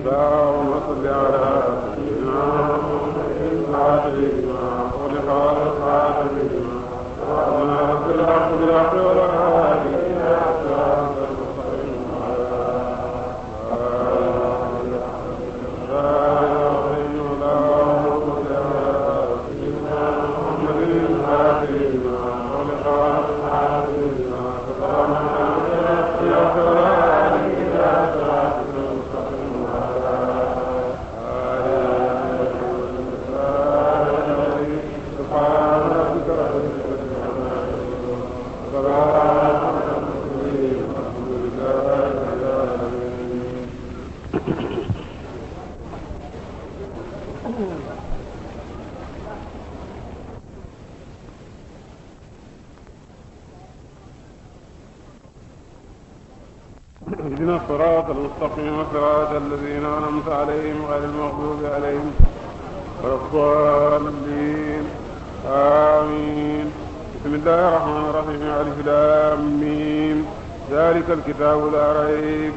اللهم صل على سيدنا محمد وعلى آله وصحبه وسلم الذين أنعمت عليهم غير المغضوب عليهم ولا الضالين آمين بسم الله الرحمن الرحيم ألف لام ميم ذلك الكتاب لا ريب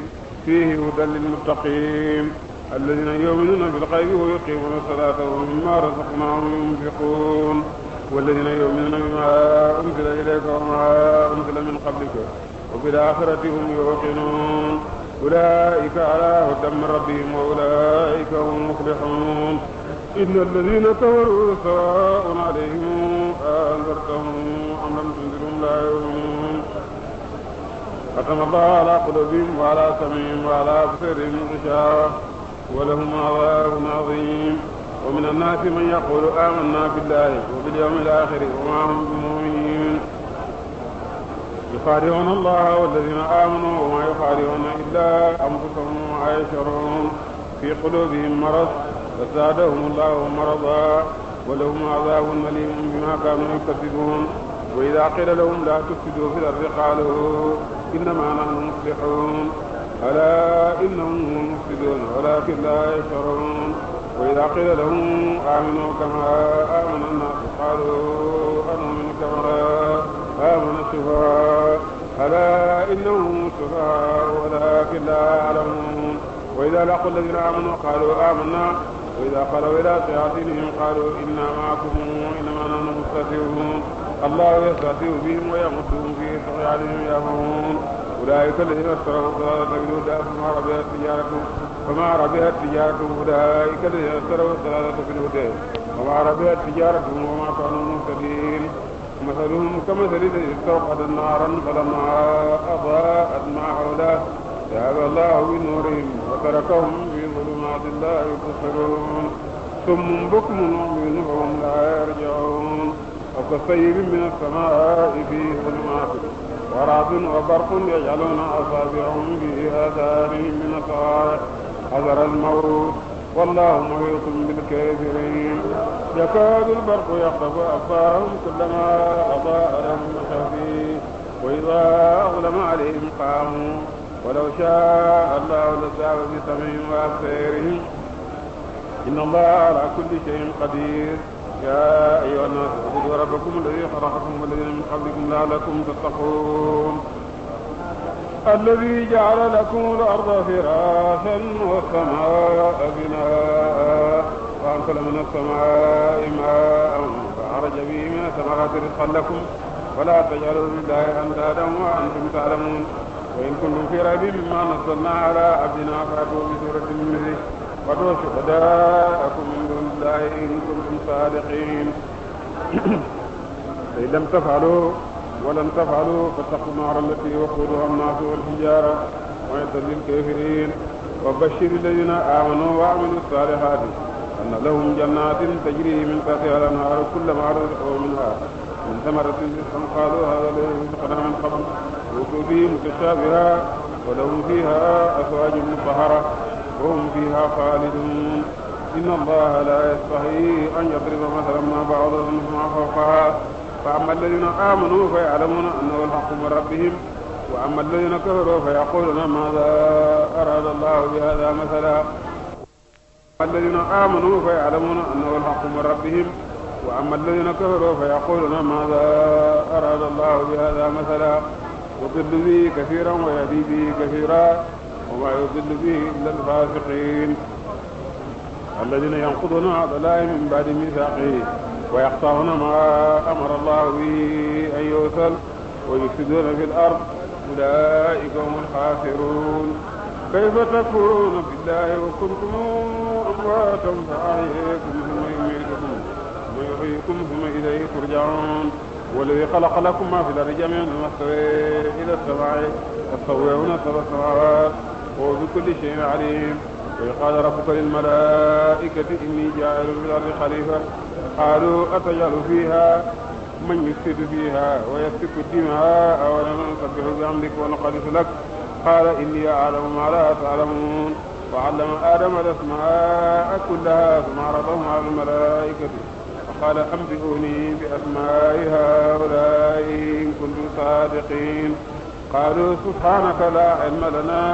فيه هدى للمتقين الذين يؤمنون بالغيب ويقيمون الصلاة ومما رزقناهم ينفقون والذين يؤمنون بما أنزل إليك وما أنزل من قبلك وبالآخرة هم يوقنون أولئك على هدى من ربهم وأولئك هم المفلحون إن الذين كفروا سواء عليهم أأنذرتهم أم لم تنذرهم لا يؤمنون ختم الله على قلوبهم وعلى سمعهم وعلى أبصارهم غشاوة ولهم عذاب عظيم ومن الناس من يقول آمنا بالله وباليوم الآخر وما هم يخادعون الله والذين آمنوا وما يخادعون إلا أنفسهم وما يشعرون في قلوبهم مرض فزادهم الله مرضا ولهم عذاب أليم بما كانوا يكذبون وإذا قيل لهم لا تفسدوا في الأرض قالوا إنما نحن مصلحون ألا إنهم هم المفسدون ولكن لا يشعرون وإذا قيل لهم آمنوا كما آمن الناس قالوا أنؤمن كما هامون الشفاء ألا إنهم الشفاء ولكن لا يعلمون وإذا لقوا الذين آمنوا قالوا آمنا وإذا خلوا إلى شياطينهم قالوا إنا معكم إنما نحن مستهزئون الله يستهزئ بهم ويمسهم في طغيانهم يأمرون أولئك الذين اشتروا الضلالة بالهدى فما ربحت تجارتهم فما ربحت تجارتهم أولئك الذين اشتروا الضلالة بالهدى وما ربحت تجارتهم وما كانوا مثلهم كمثل الذي استوقد نارا فلما أضاءت ما حوله ذهب الله بنورهم وتركهم في ظلمات لا يبصرون صم بكم عمي فهم لا يرجعون وكصيب من السماء فيه ظلمات ورعد وبرق يجعلون أصابعهم في آذانهم من الصواعق حذر الموت والله محيط بالكافرين يكاد البرق يخطف أبصارهم كلما أضاء لهم مشوا فيه وإذا أظلم عليهم قاموا ولو شاء الله لذهب بسمعهم وأبصارهم إن الله على كل شيء قدير يا أيها الناس اعبدوا ربكم الذي خلقكم والذين من قبلكم لعلكم تتقون الذي جعل لكم الأرض فراشا والسماء بناء وأنزل من السماء ماء فأخرج به من الثمرات رزقا لكم ولا تجعلوا لله أندادا وأنتم تعلمون وإن كنتم في ريب مما نزلنا على عبدنا فأتوا بسورة مثله وادعوا شهداءكم من دون الله إن كنتم صادقين فإن لم تفعلوا ولن تفعلوا فاتقوا النار التي وقودها الناس والحجارة وعدت للكافرين وبشر الذين آمنوا وعملوا الصالحات أن لهم جنات تجري من تحتها الأنهار كلما رزقوا منها من ثمرة رزقا قالوا هذا الذي رزقنا من قبل أوتوا به متشابها ولهم فيها أزواج مطهرة وهم فيها خالدون إن الله لا يستحي أن يضرب مثلا ما بعضهم مع فوقها fa amma alladina amanu fa ya'lamuna annahu alhaqqu min rabbihim wa amma alladina kafaru fa yaquluna madha arada allahu bi hadha mathala الذين آمنوا فيعلمون أنه الحق من ربهم وأما الذين كفروا فيقولون ماذا أراد الله بهذا مثلا يضل به كثيرا ويهدي به كثيرا وما يضل به إلا الفاسقين الذين ينقضون عهد الله من بعد ميثاقه ويقطعون ما أمر الله به أن يوصل ويفسدون في الأرض أولئك هم الخاسرون كيف تكفرون بالله وكنتم أمواتا فأحييكم ثم يميتكم ثم يحييكم ثم إليه ترجعون والذي خلق لكم ما في الأرض جميعا واستوى إلى السماء تستوون سبع سماوات وهو بكل شيء عليم وإذ قال ربك للملائكة إني جاعل في الأرض خليفة قالوا أتجعل فيها من يفسد فيها ويسفك الدماء ولم نسبح بحمدك ونقدس لك قال إني أعلم ما لا تعلمون وعلم آدم الأسماء كلها ثم عرضهم على الملائكة فقال أنبئوني بأسماء هؤلاء إن كنتم صادقين قالوا سبحانك لا علم لنا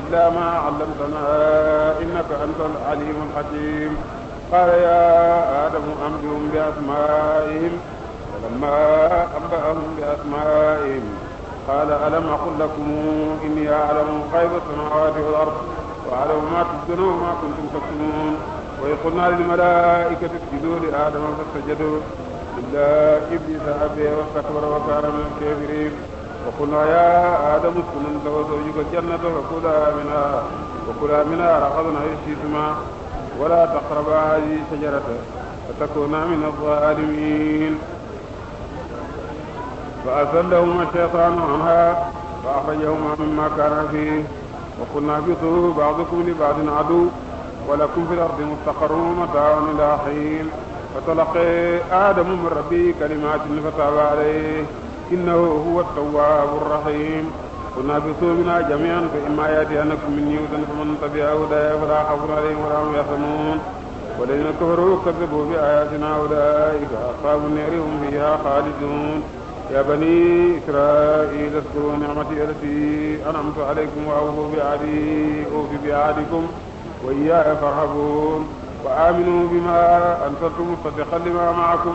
إلا ما علمتنا إنك أنت العليم الحكيم قال يا آدم أنبئهم بأسمائهم فلما أنبأهم بأسمائهم قال ألم أقل لكم إني أعلم غيب السماوات والأرض وأعلم ما تبدون وما كنتم تكتمون وإذ قلنا للملائكة اسجدوا لآدم فسجدوا إلا إبليس أبي واستكبر وكان من الكافرين وقلنا يا آدم اسكن أنت وزوجك الجنة فكلا منها وكلا منها رغدا حيث شئتما ولا تقربا هذه الشجرة فتكونا من الظالمين فأزلهما الشيطان عنها فأخرجهما مما كان فيه وقلنا اهبطوا بعضكم لبعض عدو ولكم في الأرض مستقر ومتاع إلى حين فتلقي آدم من ربه كلمات فتاب عليه إنه هو التواب الرحيم قلنا اهبطوا منها جميعا فإما يأتينكم مني هدى فمن تبع هداي فلا خوف عليهم ولا هم يحزنون والذين كفروا كذبوا بآياتنا أولئك أصحاب النار هم فيها خالدون يا بني إسرائيل اذكروا نعمتي التي أنعمت عليكم وأوفوا بعهدي أوف بعهدكم وإياي فارهبون وآمنوا بما أنزلتم مصدقا لما معكم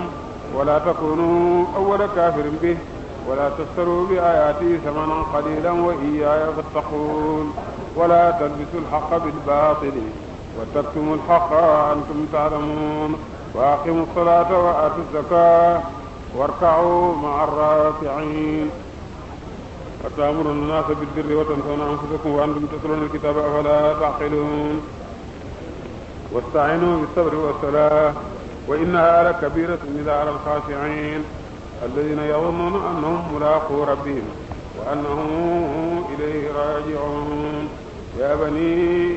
ولا تكونوا أول كافر به ولا تشتروا بآياتي ثمنا قليلا وإياي فاتقون ولا تلبسوا الحق بالباطل وتكتموا الحق أنتم تعلمون وأقيموا الصلاة وآتوا الزكاة واركعوا مع الراكعين أتأمرون الناس بالبر وتنسون أنفسكم وأنتم تتلون الكتاب أفلا تعقلون واستعينوا بالصبر والصلاة وإنها لكبيرة إذا على الخاشعين alladina yadunnuuna annahum mulaaqu rabbihim wa annahum ilayhi raaji'uun ya bani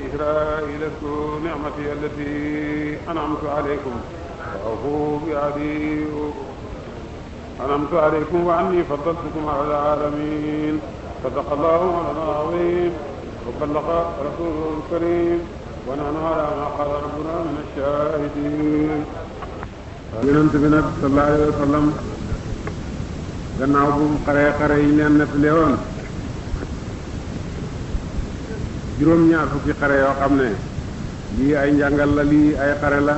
israila uzkuru ni'mati allati an'amtu alaykum wa awfu bi 'ahdi an'amtu alaykum wa anni faddaltukum 'ala al-'aalamiin sadaqa allahu mawlaana al-'aziim wa ballaqa rasuuluhu al-kariim wa nahnu 'ala maa qaala rabbunaa mina ash-shaahidiin yonent bi nag sallallahu alayhi wa sallam gannaaw bu mu xaree xare yi leen nettali woon juróom-ñaar fukki xare yoo xam ne lii ay njàngal la lii ay xare la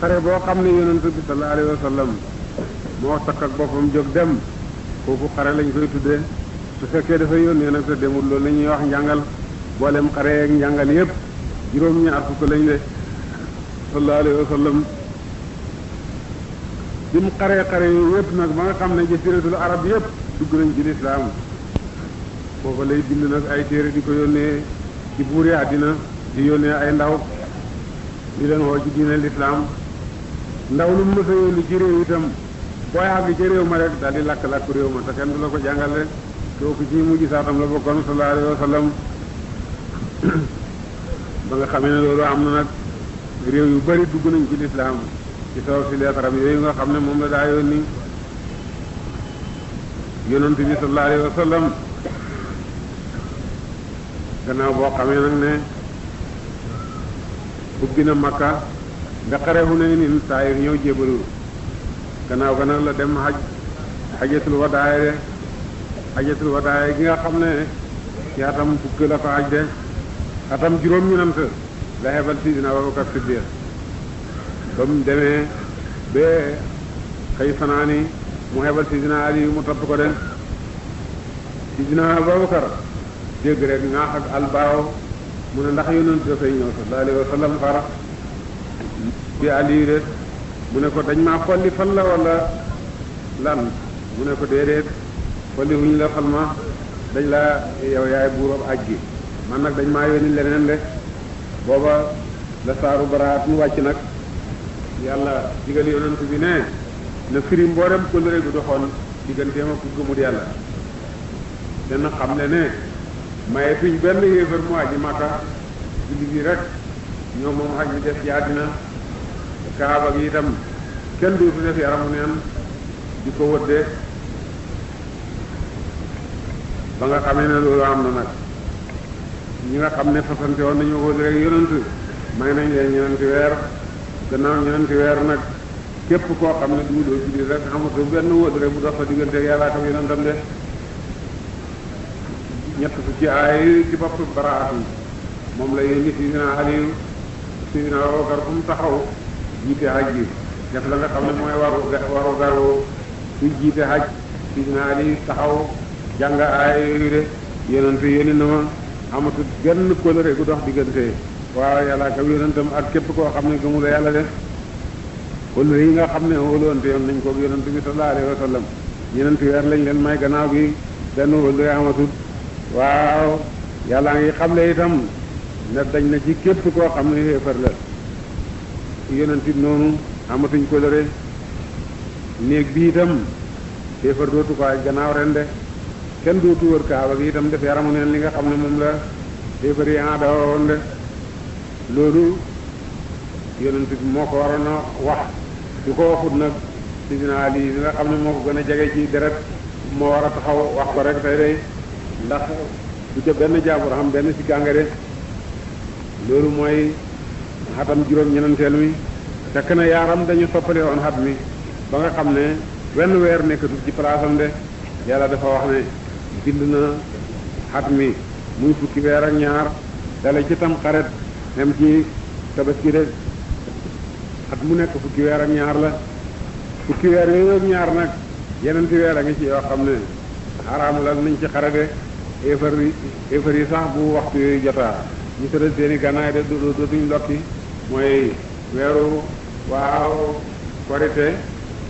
xare boo xam ne yonent bi sallallahu alayhi wa sallam moo takk ak boppam jóg dem kooku xare lañ koy tuddee su fekkee dafa yónnee nag te demul loolu la ñuy wax njàngal boolem xare ak njàngal yépp juróom-ñaar fukk lañ de sallallahu alayhi wa bi mu xaree xare yooyu yëpp nag ba nga xam ne jasiratul arab yëpp dugg nañ ci lislaam foofa lay bind nag ay téere di ko yónnee ci buuri àddina di yónnee ay ndaw di leen woo ci diine lislaam ndaw lu mu mës yónni ci réew itam booy àgg ci réew ma rek daal di lakk-lakk réew ma te kenn du la ko jàngale kooku ci mujj saatam la bokkoon sallallahu alayhi wa ba nga xamee ne loolu am na nag réew yu bari dugg nañ ci lislaam ci sabab si leetaram yooyu nga xam ne moom la daa yónni yonent bi sallallahu alayhi gannaaw boo xamee nag ne ubbi na makka nga xare fu ne nin saa yu ñëw jébalu gannaaw ga nag la dem xaj xajatul wadaay de xajatul wadaay gi nga xam ne ci atam fukk la ko aj de atam juróom ñenant la xebal sidina Abubakar Siddiq ba mu demee ba xëy fanaani mu xebal sidina ali mu topp ko den sidina abubakar dégg rek ñaax ak albaaw mu ne ndax yonent dafay ñëw sallallahu alayhi wa sallam dañ maa xolli fan la wala lan mu ne ko déedéet xolli wuñ la fal ma dañ laa yow yaay buurab aj gi man nag dañ maa yónni leneen de booba la saaru baraat mu wàcc nag yàlla digal yonent bi ne na firi mboolem kóllëre gu doxoon digganteem ak ku gëmul yàlla dana xam le ne maye fiñ benn yéefar mu aji màkka jullit yi rek ñoo moom aj mi def ci àddina kaaba gi itam kenn dootu def yaramu neen di ko wëdde ba nga xamee ne loolu am na nag ñi nga xam ne fasante woon nañu wóor rek yonent may nañ leen ñeenti weer gannaaw ñeenti weer nag képp koo xam ne duudoo julli rek xamatu benn wóodure bu dox sa diggante yàllaa kam yonentam de ñett fukki aay ci bopp baraatam moom la yéen ñi sidina Aliyu sidina Abubakar fu mu taxaw jiite haj bi def la nga xam ne mooy waru waru garu su jiite haj sidina Aliyu taxaw jàng aay yooyu de yonent yónni na ma xamatu genn kóllëre gu dox diggante waaw yàlla ak yonentam ak képp koo xam ne gëmula yàlla de wala yi nga xam ne wóoluwante yoon nañ koog yonent bi sallallahu alayhi wa sallam ñeenti lañ leen may gannaaw gi benn wëllu amatul waaw yàlla ngi xamle itam ne dañ na ci képp koo xam ne xéefar la yonent noonu amatuñ ko lëre néeg bi itam xéefar dootu ko aj gannaaw ren de kenn dootu wër kaaba gi itam def yaramu neen li nga xam ne moom la xéefar yi daa woon de loolu yonent bi moo ko waroon a wax su ko waxut nag sidina Ali bi nga xam ne moo ko gën a jege ci deret moo war a taxaw wax ko rek tey day ndax du ca benn jaabur xam benn si gàngare loolu mooy xatam juróom-ñenenteel mi fekk na yaaram dañu soppale woon xat mi ba nga xam ne wenn weer nekkatul ci palaasam de yàlla dafa wax ne bind na xat mi muy fukki weer ak ñaar dale ci tam même ci tabaski de at mu nekk fukki weer ak ñaar la fukki weer yooyu ak ñaar nag yeneen ti weer a ngi ci yoo xam ne xaraamu lan nañ ci xarade éefar yi sax bu waxtu yooyu jotaa ñu tëral seeni gannaay de dootuñ lokki mooy weeru waaw korite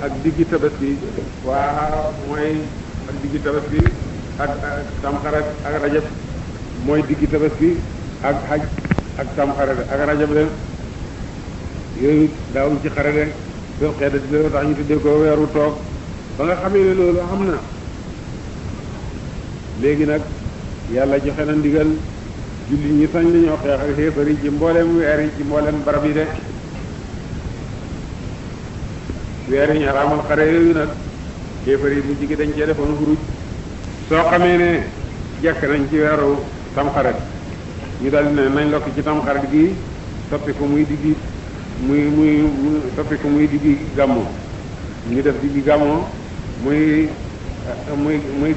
ak diggi tabaski waaw mooy ak diggi tabaski ak tamxarat ak rajab mooy diggi tabaski ak xaj ak sam xare de ak rajo de yooyu daawuñ ci xare de dol xeedati loolu tax ñu tuddee ko weeru toog ba nga xamee ne loolu xam na léegi nag yàlla joxe na ndigal julli ñi sañ nañoo xeex ak xéefar yi ci mbooleem weer yi ci mbooleem barab yi de weer yi ñu araamal xare yooyu nag xéefar mujj gi dañ cee defoon xuruj soo xamee ne jekk nañ ci weeru tam xare ñu daal nañ lokki ci tamxarit gi soppi ko muy diggi muy muy soppi ko muy diggi gàmmu ñu def diggi gàmmu muy muy muy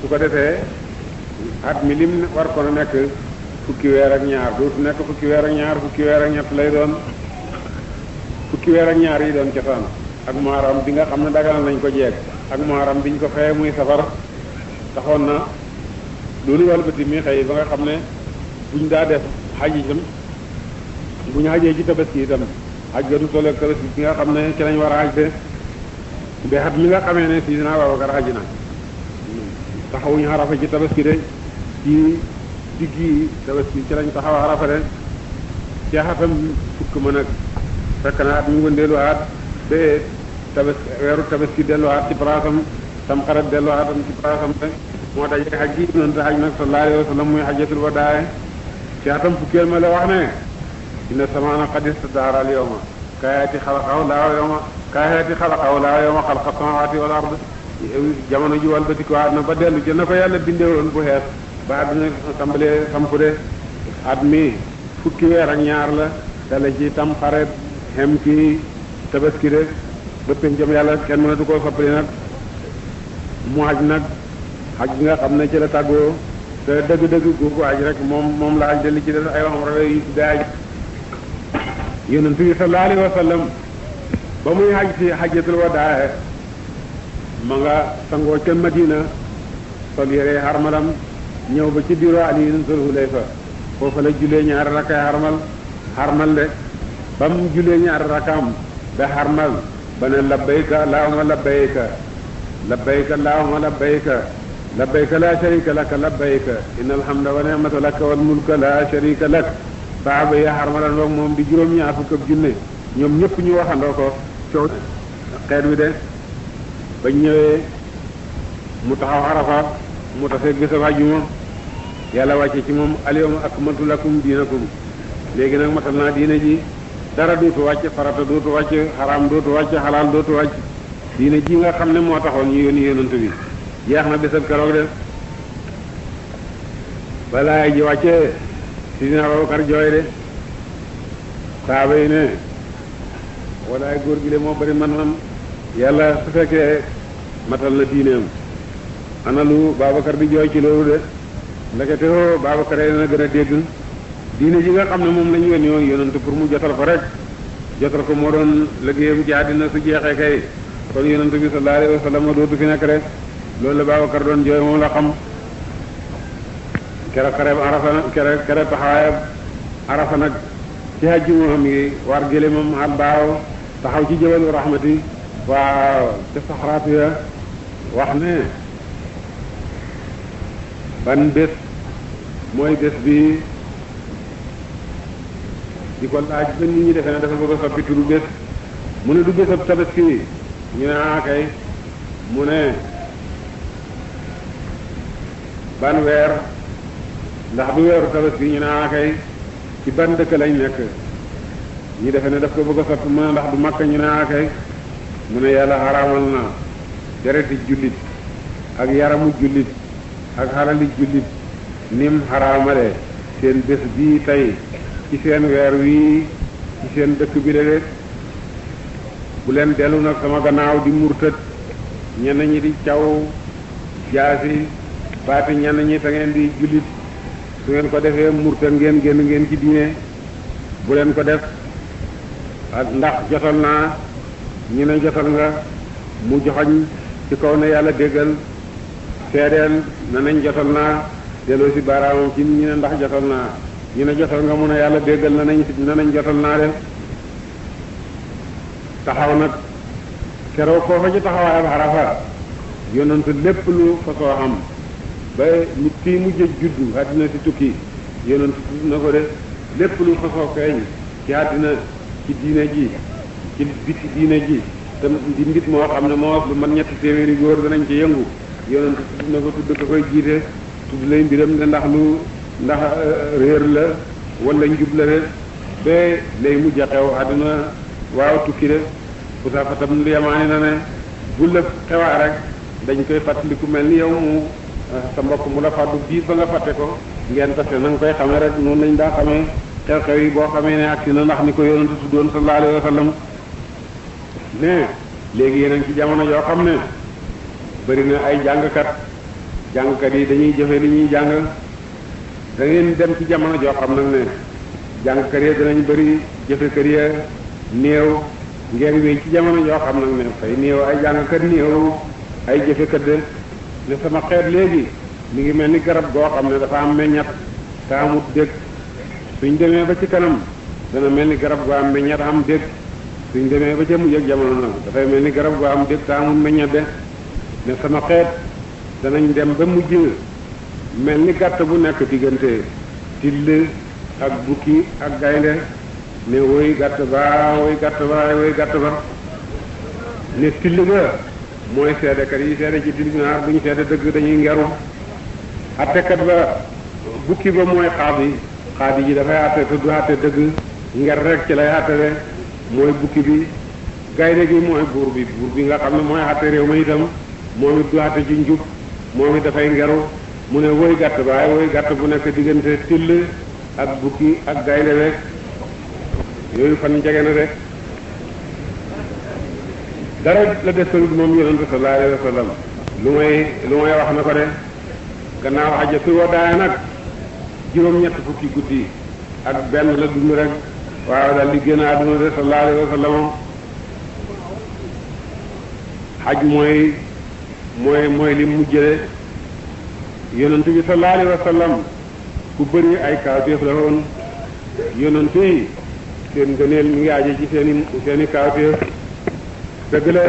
su ko defee at mi lim war ko nekk fukki weer ak ñaar dootu nekk fukki weer ak ñaar fukki weer ak ñett lay doon fukki weer ak ñaar yi doon cosaan ak maaram bi nga xam ne dagal nañ ko jeeg ak maaram biñ ko feye muy safar taxoon na loolu wàlbati mi xëy ba nga xam ne buñ daa def xaj itam buñ xajee ci tabaski itam xaj ga du toll tabaski bi nga xam ne ci lañ war a xaj de ba mi nga xamee ne fii dinaa Babacar xaj na taxawuñ xarafa ci tabaski de ci diggi tabaski ci lañ taxaw xarafa de ci xatam fukk mën fekk na at mi wëndeeluwaat ba tabaski weeru tabaski delluwaat ci palaasam tamxarit delluwaatam dellu palaasam de moo tax xaj gi noonu te xaj nag sallallahu alayhi wa sallam muy xajatul wadaaye ci fukkeel ma la wax ne inna samaana qad istadaara al yawma kaayaati xalaqahu laa yawma kaayaati xalaqahu laa yawma xalaqa samawaati wal ard jamono ji walbati ko ba dellu jël na ko yàlla bindewoon bu xees ba àdduna tàmbalee sampu de at mi fukki weer ak ñaar la dala ci tam xaret xem ci tabaski de ba péncam yàlla kenn mënatu koo soppali nag mu xaj nag xaj nga xam ne ci la tàggoo te dëgg-dëgg googu aj rek moom moom la aj de li ci des ay wax mu rawee si ci daaj yonent bi sallallahu alayhi wa ba muy xaj ci xajatul wadaa ma nga sangoo ca Madina sol yére xarmalam ñëw ba ci biiru Aliyu sul Hulayfa foofa la jullee ñaari rakkaay xarmal xarmal de ba mu jullee ñaari rakkaam ba xarmal ba ne labbayka laahuma labbayka labbayka laahuma labbayka labbayka laa sharika laka labbayka innal hamda wa ni'mata laka wal mulka laa sharika lak saaba yi xarmalandoog moom di juróom ñaar fukk ak junne ñoom ñëpp ñu waxandoo ko coow xeet wi de bañ ñëwee mu taxaw Arafa mu taseeg bisab àjjuma yàlla wàcce ci moom al ak akmaltu lakum diinakum léegi nag matal naa diine ji dara dootu wàcc farata dootu wàcc xaraam dootu wàcc xalaat dootu wàcc diine ji nga xam ne moo taxoon ñu yónni bi jeex na bésab keroog de balaa ji wàccee sidina Abubakar jooy de saaba yi ne walaay góor gi de moo bari man-man yàlla su fekkee matal na diineem ana lu Babacar di jooy ci loolu de ndekete oo Babacar yi na gën a dégg diine ji nga xam ne moom lañu yónni woon yonent pour mu jotal ko rek jotal ko moo doon liggéeyam ci àddina su jeexee kay kon yonent bi sallallahu alayhi wa sallam dootu fi nekk rek loolu la Babacar doon jooy moom la xam kere xareb arafa nag kere kere taxawaayab arafa nag ci hajji moo xam ngi war gélémam ak baaw taxaw ci jëbalu rahmati waaw ca saxaraatu ya wax ne ban bés mooy bés bi di ko laaj ba nit ñi defee ne dafa bëgg a soppi turu bés mu ne du bésab tabaski ñu ne ah mu ne ban weer ndax du weeru tabaski ñu ne ah ci ban dëkk lañ nekk ñu defe ne daf ko bëgg a sotti mu ndax du makka ñu ne ah mu ne yàlla xaraamal na dereti jullit ak yaramu jullit ak xarali jullit nim xaraamale seen bés bii tey ci seen weer wii ci seen dëkk bi de bu leen dellu nag sama gannaaw di murtët ñenn ñi di caw jaasi baatu ñenn ñi te ngeen di jullit su ngeen ko defee murta ngeen génn ngeen ci diine bu leen ko def ak ndax jotal naa ñu ne jotal nga mu joxoñ ci kaw ne yàlla déggal seedeel nañ jotal naa delloo si baaraamam ne ndax jotal naa ñu ne jotal nga mun yàlla déggal na nañ na nañ jotal naa def taxaw nag keroog foofa ci taxawaayam xarafa yonentu lépp lu fa soo xam ba nit kii mujjee juddu àddina di tukki yonent na ko de lépp lu xosoo feeñ ci àddina ci diina ji ci biti diina ji te di mbit moo xam ne moo lu man ñetti téeméeri góor danañ ci yëngu yonent na ko tudd ko koy jiite tudd lay mbiram ne ndax lu ndax euh, réer la wala njub la rek ba lay mujj xew àdduna waaw tukki de Xusaafatam lu yamaani na ne bu lëf xewaa rek dañ koy fàttaliku mel ni yow mu sa ah, mbokk mu la fàddu bii ba nga fàtte ko ngeen tase na nga koy xamee rek noonu lañ daa xamee xew-xew yi boo xamee ne agsi na ndax ni ko yonent tuddoon sallallahu alayhi wa sallam mais léegi yeneen ci jamono yoo xam ne na ay jàngkat jàngkat yi dañuy jëfe li ñuy jàng da ngeen dem ci jamono joo xam nag ne jàngkat yi danañ bëri jëfekat yi néew ngeen wéy ci jamono joo xam nag ne fay néew ay jàngkat néew ay jëfekat de ne sama xeet léegi mi ngi mel ni garab goo xam ne dafa am meññat te amut dégg suñ demee ba ci kanam dana mel ni garab goo am meññat am dégg suñ demee ba ca mujj ak jamono nag dafay mel ni garab goo am dégg te amut meññat de ne sama xeet danañ dem ba mujj mel ni gàtt bu nekk diggante till ak bukki ak gaynde ne woy gàtt ba woy gàtt ba woy gàtt ba ne till ga mooy seedekat yi seede ci tribunal bu ñu seede dëgg dañuy ngeru attekat ba bukki ba mooy xaadi xaadi ji dafay atte te du atte dëgg nger rek ci lay atte de mooy bukki bi gaynde gi mooy buur bi buur bi nga xam ne mooy atte réew ma itam moom it du atte ci njub moom it dafay ngeru mu ne woy gàtt baay woy gàtt bu nekk diggante till ak bukki ak gaynde rek yooyu fan jege na de dara la desalut moom yonent bi sallallahu alayhi wa sallam lu may lu may wax na ko de gannaaw xajatul wadaa nag juróom-ñett fukki guddi ak benn la dund rek waaw daal di génn àdduna de sallallahu xaj mooy mooy mooy li mujjële yonent bi sallallahu alayhi wa ku bëri ay kaawteef la woon yonent yi seen gëneel mi ngi aje ci seen i seen dëgg la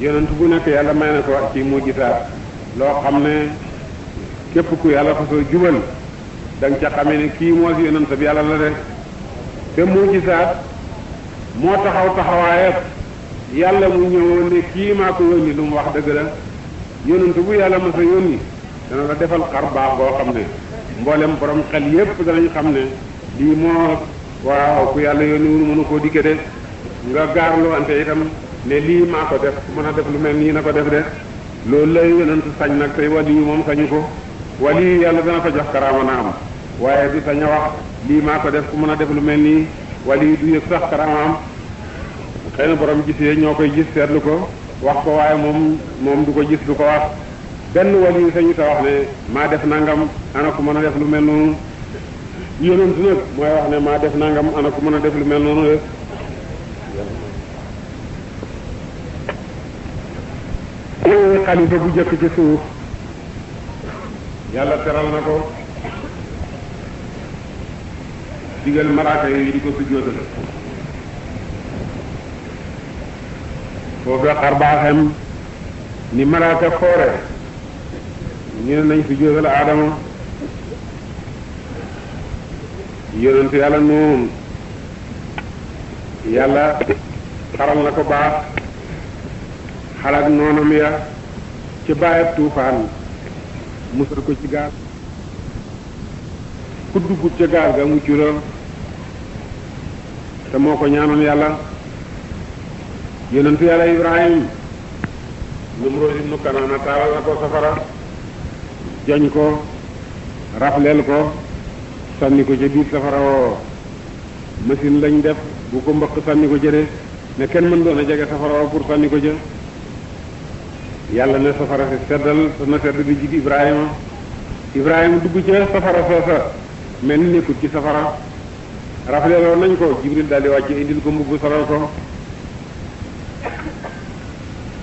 yonent bu nekk yàlla may na ko ci mujjisaat loo xam ne képp ku yàlla fasoo jubal da nga ca xamee ne kii moo si yonent bi yàlla la de te mujjisaat moo taxaw taxawaayat yàlla mu ñëwoon ne kii maa ko yónni lu mu wax dëgg la yonent bu yàlla ma sa yónni dana la defal xar baax boo xam ne mboolem borom xel yépp danañ xam ne lii moo waaw ku yàlla yónni wul mënu koo dikke de nga gaarlu ante itam ne lii maa ko def mën a def lu mel nii na ko def de loolu lay yonentu sañ nag tey wali moom sañu ko wali yàlla dana ko jox karaama na am waaye du sañ a wax lii maa ko def ku mën a def lu mel nii wali du yëg sax karaama am xëy na borom gisee ñoo koy gis seetlu ko wax ko waaye moom moom du ko gis du ko wax benn wali sañu ta wax ne maa def nangam ana ku mën a def lu mel noonu yonentu nag mooy maa def nangam ana ku mën a def mel noonu mooy xalifa bu jëkk ci suuf yàlla teral na ko digal malaaka yi di ko sujjóotal foofu xar baaxem ni malaaka foore ñu sujjóotal aadama yonentu yàlla noonu yàlla xaral na ko baax xalaat noonam ya ci baayab tuufaan musal ko ci gaal ku dugg ca gaal ga mucc la te moo ko ñaanoon yàlla yeneen yonentu yàlla ibrahim Numruud ibnu Kanaana taalal na ko safara joñ ko rafleel ko sànni ko ca biir safara woo machine lañ def bu ko mbëq sànni ko jëre ne kenn mën doon a jege safara woo pour sànni ko jë yàlla ne safara si seddal na sedd di jig Ibrahima Ibrahima dugg ca safara soosa mel ni nekkut ci safara rafetleeloo nañ ko Jibril daal di wàcc indil ko mbubb solal ko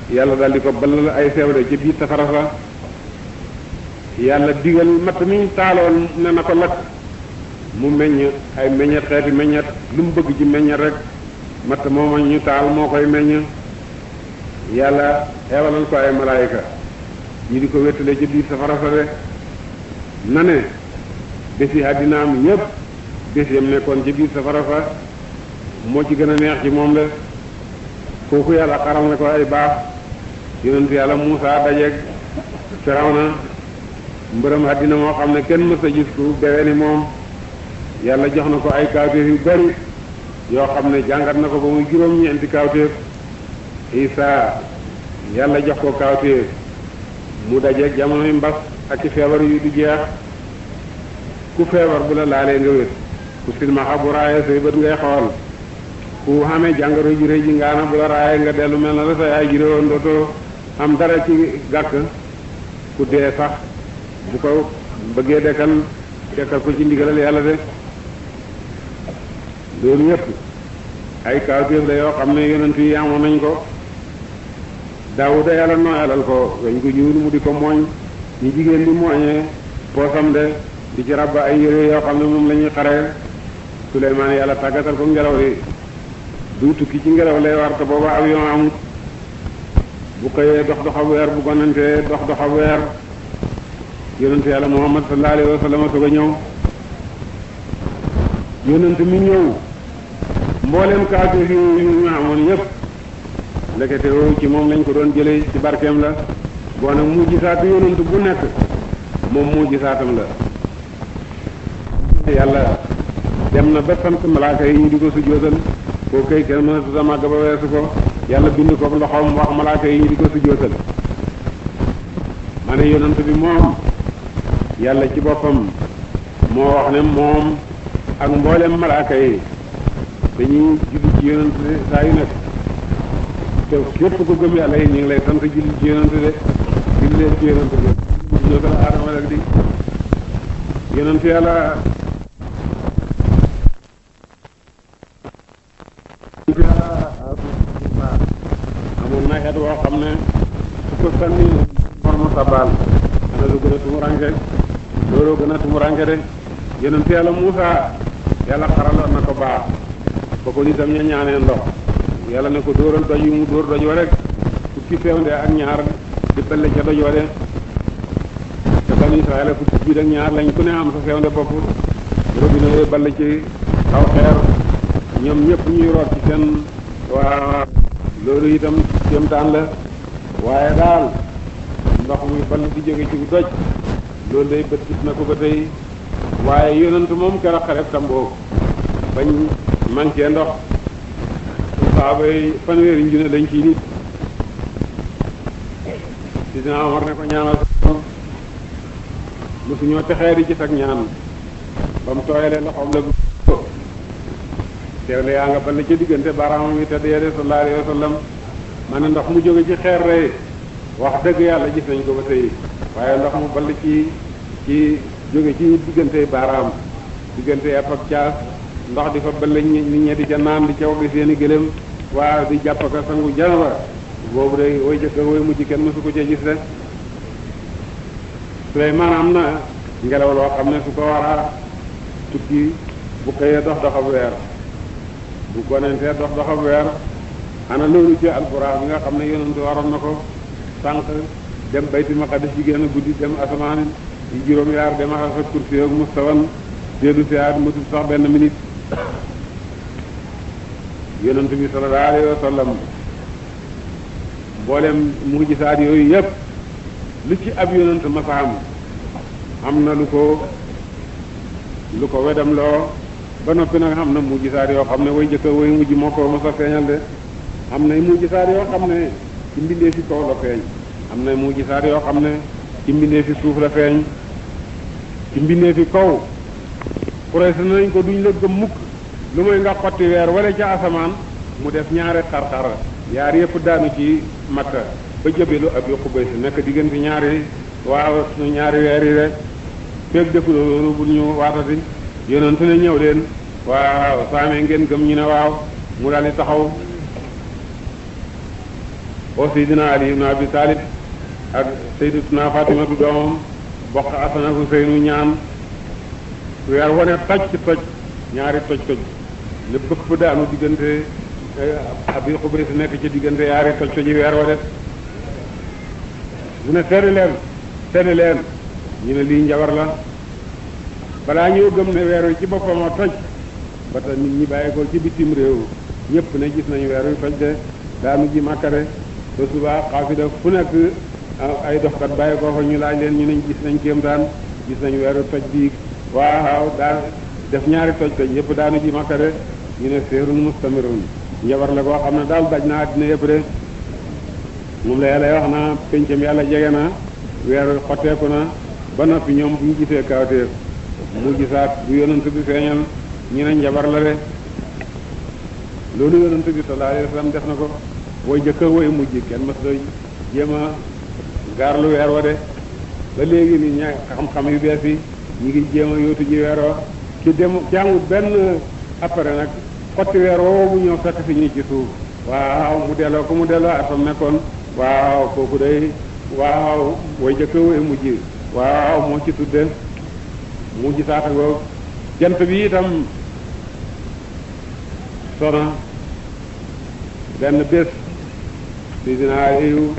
yàlla daal di ko balal ay sewde biir safara sa yàlla digal matt mi taaloon ne na ko lakk mu meññ ay meññet xeeti meññet lu mu bëgg ci meññet rek matt mooma ñu taal moo koy meññ yàlla xeewalal ko ay malaayika ñi di ko wettale ci biir sa de na ne bési àddinaam ñépp bés yam nekkoon ci biir sa sa moo ci gën a neex ci moom la kooku yàlla xaram na ko ay baax yonent yàlla Muusaa dajeeg Firawna mbërëm àddina moo xam ne kenn mës a gis ku bewee ni moom yàlla jox na ko ay kaawteef yu bari yoo xam ne jàngat na ko ba muy juróom-ñeenti kaawteef isa yàlla jox ko kaawteef mu dajeeg jamonoy mbas ak ci feebar yu du jeex ku feebar bu la laalee nga wét ku silmaxa bu raaya say bët ngay xool ku xamee jàngoro ji rëy ji ngaana bu la raaya nga dellu mel na la sa yaay jure woon dootoo am dara ci gàkk ku dee sax bu ko bëggee dekkal dekkal ko ci ndigalal yàlla de loolu yëpp ay kaawteef la yoo xam nañ ko daawuda yàlla nooyalal ko weñ gu ñuul mu di ko mooñ ni jigéen di mooñee poosam de di ci rabba ay yére yoo xam ne moom lañuy ñuy xare suleymaan yàlla tàggatal ko ngelaw yi du tukki ci ngelaw lay war te booba avion amut bu xëyee dox doxab weer bu gonantee dox doxab weer yonent yàlla muhammad sallallahu alayhi wa sallam soog a ñëw yonent mi ñëw mbooleem kaatu yu ñu amoon yëpp ndeketewoo ci moom lañ ko doon jëlee ci barkeem la boo nag mujjisaatu yonent bu nekk moom mujjisaatam la yàlla dem na ba sant malaaka yi ñu di ko sujjóotal koo kay kenn mënatu sa màgg ba weesu ko yàlla bind ko loxoom wax malaaka yi di ko sujjóotal ma ne yonent bi moom yàlla ci boppam moo wax ne moom ak mboolem malaaka yi dañuy juddu ci yonent saa yu nekk yow képp ku gëm yàlla yi ñu ngi lay sant julli ci yonent de julli leen ci yonent de ñoo gën a aadama rek di yonent yàlla amoon na xet woo xam ne su ko sànni mormu sabaal ana lu gën a tumuranke looloo gën a tumuranke de yonent yàlla Muusa yàlla xaraloon na ko baax ba ko nitam ña ñaanee ndox yàlla ne ko dóoral doj yu mu dóor doj wa rek fukki fewnde ak ñaar di pelle ca doj wa de te bani israel fukki biir ak ñaar lañ ku ne am sa fewnde bopp robine yooyu ci kaw xeer ñoom ñëpp ñuy root ci seen waa loolu itam kéemtaan la waaye daal ndox muy ball di jóge ci doj loolu day bët gis na ko ba tey waaye yonent moom keroog xareb tamboo bañ manqué ndox saaba yi fanweeri junne lañ ciy nit sidina Omar ne ko ñaanal sa mosuñoo texee di ci sag ñaan ba mu tooyalee loxoom la ko teew la yaa nga bal ca diggante baaraamam yi tedd yede sallallahu alayhi ndox mu jóge ci xeer rey wax dëgg yàlla gis nañ ko ba tey waaye ndox mu bal ci ci jóge ci diggante baaraam diggante app ak caas ndox di fa bële nit ñi di ca naan di ca wagg seeni gëlëm waaw di jàpp ak sangu janaba boobu day way jëkk ak way mujj kenn mësu ko cee gis de Suleymaan am na ngelaw loo xam ne su ko war a tukki bu xëyee dox doxab weer bu gonentee dox doxab weer ana loolu ci alxuraan bi nga xam ne yonentu waroon na ko sànq dem bayti maqadis yi génn guddi dem asamaan yi juróom yaar dem ak kursi ak mustawan dellu si aat matul sax benn minute yonent bi sallallahu alayhi wa sallam mboolem mujjisaat yooyu yëpp lu ci ab yonent masa am am na lu ko lu ko wedam loo ba noppi nag am na mu mujjisaat yoo xam ne way jëkk way mujj moo ko mos a feeñal de am na mujjisaat yoo xam ne ci mbindee fi kaw la feeñ am na mujjisaat yoo xam ne ci mbindee fi suuf la feeñ ci mbindee fi kaw xuraysi nañ ko duñ la gëm mukk lu muy nga xotti weer wala ca asamaan mu def ñaari xar-xar yaar yëpp daanu ci makka ba jëbelu ab yu xubay si nekk diggante ñaari waaw ñaari weer yi rek feeg defu loolu bu ñu waatati yonentu ne ñëw leen waaw saamee ngeen gëm ñu ne waaw mu daal di taxaw osi dina ali ibn abi talib ak sayyidatuna fatimatu doomam bokk asana huseynu ñaan weer wane toj toj ñaari toj toj la bëpp daanu diggante eh, abi xubri si nekk ci diggante yaari tol coji weer wa def mu ne seeni leen seeni leen ñu ne lii njabar la balaa ñoo gëm ne weer wi ci boppam a toj ba nit ñi bàyyi ko ci bitim réew ñëpp ne gis nañu weer wi toj de daanu ji màkkare ba suba xaafida fu nekk ah, ay doxkat bàyyi ko ñu laaj leen ñu ne gis nañ kéemtaan gis nañ weer wi toj bii waaw waaw daal def ñaari toj toj yëpp daanu ji makka de ñu ne séerun mustamirun njabar la koo xam ne daal daj na àddina yëpp de moom la yàlla wax na pencam yàlla jege na weer xotteeku na ba noppi ñoom bu ñu gisee kawteef mu gisaat bu yonent bi feeñal ñu ne njabar la de loolu yonent bi sallallahu alayhi def na ko woy jëkk woy mujj kenn mas doy jéem gaar lu weer wa de ba léegi ni ña xam-xam yu bees yi ñu ngi jéem a ji weer wa ci dem ci benn après nag xotti weer woowu mu ñëw fekk fi ñu ci waaw mu delloo ko mu delloo ak nekkoon waaw kooku day waaw way jëkk way mujj waaw moo ci tudde mu gisaata ko jant bi itam sona benn bés si dinaa yu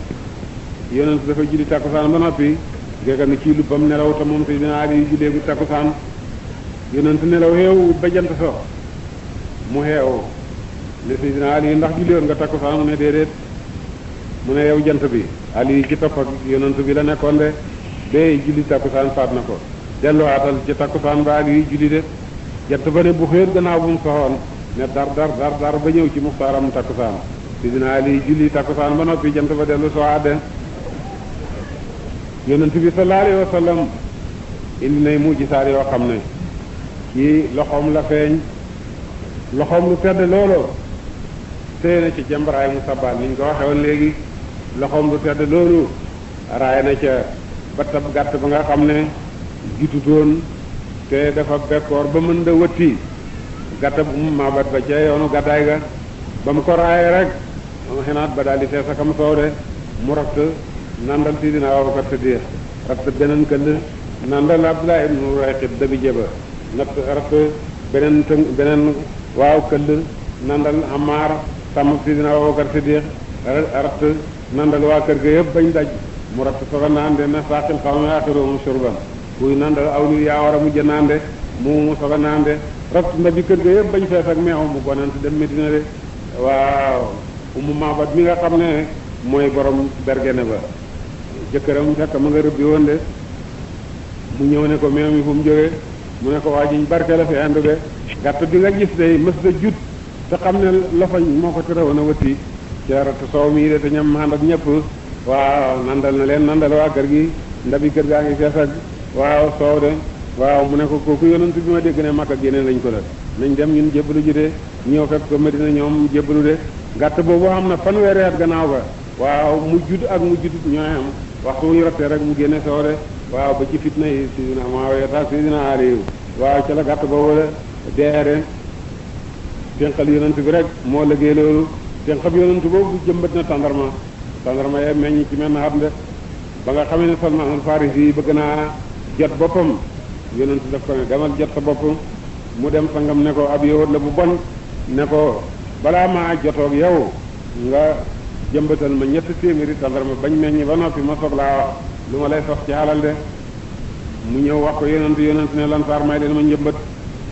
yonent dafa julli takkusaan ba noppi géega ni ci luppam nelaw te moom si dinaa yu jullee takkusaan yonent nelaw xeewut ba jant so mu xeewu ne Seydina Ali ndax julli woon nga takkusaan mu ne déedéet mu ne yow jant bi Ali ci topp ak yonent bi la nekkoon de bee julli takkusaan faat na ko delluwaatal ci takkusaan ba Ali julli de jant ba ne bu xëyët gannaaw bu mu soxoon ne dar dar dar dar ba ñëw ci muxtaaram takkusaan Seydina Ali julli takkusaan ba noppi jant ba dellu soxaat de yonent bi sallallahu alayhi indi nay mujj saar yoo xam ne ci loxoom la feeñ loxoom lu tedd loolu téye na ci jàmb raay mu sabaan ni ñu ko waxee léegi loxoom lu tedd loolu raay na ca battab gàtt ba nga xam ne gitutoon te dafa bekkoor ba mën da wëtti gàttab maabat ba ca yoonu gàddaay ga ba mu ko raayee rek ba mu xenaat ba daal di fees akam soow de mu ratt nandal si dina Abubakar Siddiq ratt beneen këll nandal Abdullah ibnu Urayqit dabi jëba natt ratt beneen të beneen waaw këll nandal amaar sàmm sidina Abubakar Siddiq ratt nandal waa kër ga yëpp bañ daj mu ratt soog a naande na saaqil xawmi aaxiruhum shurban kuy nandal aw li yaa war a mujj naande mu mu soog a naande ratt ndabi kër ga yëpp bañ fees ak meew mu gonant dem Medina de waaw umu maabat mi nga xam ne mooy borom bergene ba jëkkëram fekk ma nga rëbbi woon de mu ñëw ne ko meew mi fu mu mu ne ko waa ji barke la fi ànd be gàtt bi nga gis day mës da jut te xam ne lofañ moo ko terewoon a wëtti ceerate soow mii de te ñam maand ak ñëpp waaw nandal na leen nandal waa kër gi ndabi kër gaa ngi fees ak waaw soow de waaw mu ne ko kooku yonent bi ma dégg ne Makka génne lañ ko la nañ dem ñun jébbalu ji de ñëw fekk ko Medina ñoom jébbalu de gàtt boobu am na fanweeri at gannaaw ga waaw mu judd ak mu judd ñooy am waxtu wu ñu rottee rek mu génne soow de waaw ba ci fitna yi Sidina Muawiya tax Sidina Aliyu waaw ca gàtt boobu la deere tenqal yonent bi rek moo liggéey loolu tenqab boobu jëmbat na tàndarma tàndarma ya meññ ci mel na xam de ba nga xamee ne Salmaan al Farisi yi bëgg naa jot boppam yonent daf ko ne demal jot sa bopp mu dem ngam ne ko ab yowat la bu bon ne ko balaa maa jotoog yow nga jëmbatal ma ñetti téeméeri tàndarma bañ meññi ba noppi ma soog wax lu ma lay sox ci alal de mu ñëw wax ko yonent yonent ne lan saar may leen ma njëmbat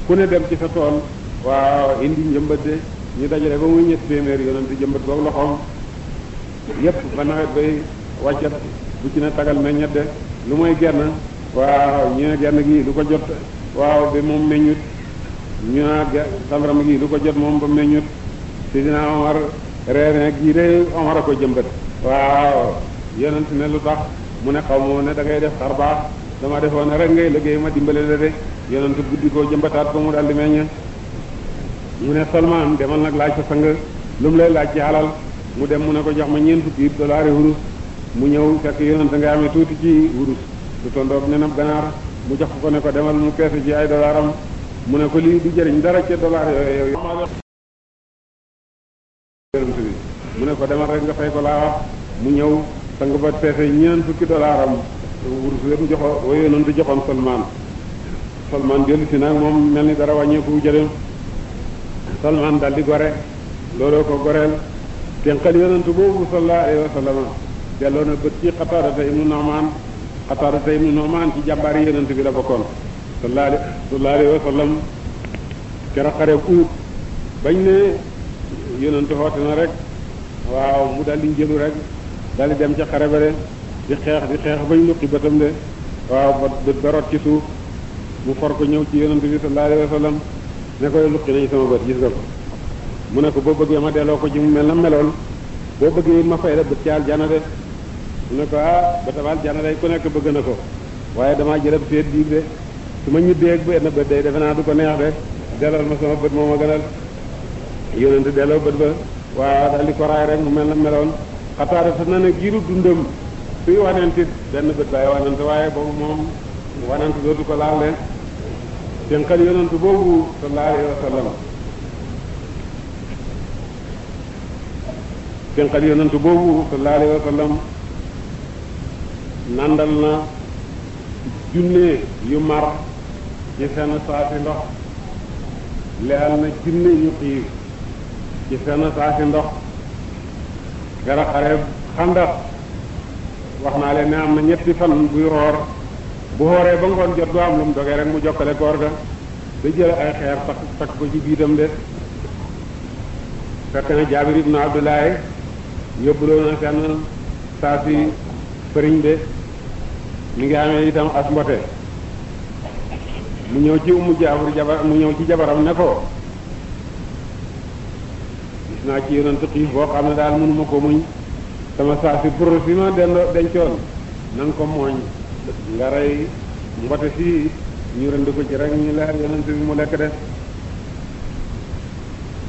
ku ne dem ci sa tool waaw indi njëmbat de ñu dajale ba muy ñett téeméer yonent jëmbat boobu loxoom yépp ba nawet bay wàccat bu ci ne tagal meññet de lu mooy genn waaw ñu ne genn gi lu ko jot waaw ba moom meññut ñu naa sandaram gii lu ko jot moom ba meññut Sidina Omar reere gii de Omar ko jëmbat waaw yonent ne lu tax mu ne xaw ma woon ne da ngay def xar baax dama defoon ne rek ngay liggéey ma dimbale la de yonentu guddi ko jëmbataat ko mu daal di meññ mu ne Salman demal nag laaj sa sang lu mu lay laaj ci alal mu dem mu ne ko jox ma ñeentu fukki dollar yi mu ñëw fekk yonent nga amee tuuti ci wurus lu tondoog ne nab ganaar mu jox ko ne ko demal mu peese ci ay dollaram mu ne ko lii du jëriñ dara ca dollar yooyu yonent bi mu ne ko demal rek nga ko laa mu ñëw sang ba peese ñeent fukki dollaram wurus wépp joxoon Salmaan Salmaan dellu si nag moom mel ni dara wàññeeku jële Salmaan dal di gore looloo ko goreel tenqal yonentu boobu sallallahu alayhi wa sallam delloo na keroog xare uut bañ ne yonentu xoote na rek waaw mu dal di njëlu rek daldi dem ca xare ba de di xeex di xeex bañ luqi bëtam de waaw ba bët ba rot ci suuf mu xor ko ñëw ci yonent bi sallallahu alayhi wa sallam ne koy luqi nañ sama bët gis nga ko mu ne ko boo bëggee ma delloo ko ci mu mel na meloon boo bëggee ma fay la bët ci aljana de mu ne ko ah bëtam aljana day ku nekk bëgg na ko waaye damaa jëlab seet diig de su ma ñibbee ak benn bët day defe naa du ko neex de delloo ma sama bët moo ma gënal yonent delloo bët ba waaw daal di rek mu mel na meloon xataara sa nana giiru dundam suy wanantit benn bët baay wanante waaye boobu moom wanante dootu ko laal de tënkal yonantu boobu sallallahu alayhi wa sallam na junne yu mar ci seen saa si ndox leyal na junne yu xiif ci seen saa si ndox gara xare xandax wax naa leen ne am na ñetti fan buy woor bu wooree ba ngoon jot du am lu mu dogee rek mu jokkale koor ga da jël ay xeer takk takk ko ci biitam de fekk na jaabir ibnu abdoulaye yóbbuloo na fenn saa si fëriñ de mi ngi amee itam as mbote mu ñëw ci umu jaabur jabar mu ñëw ci jabaram ne naa ci yonent xiif boo xam ne daal mënuma ko muñ sama saa si pour si ma dendoo dencoon na nga ko mooñ nga rey mbote si ñu rënd ko ci rek ñu la yonent bi mu lekk def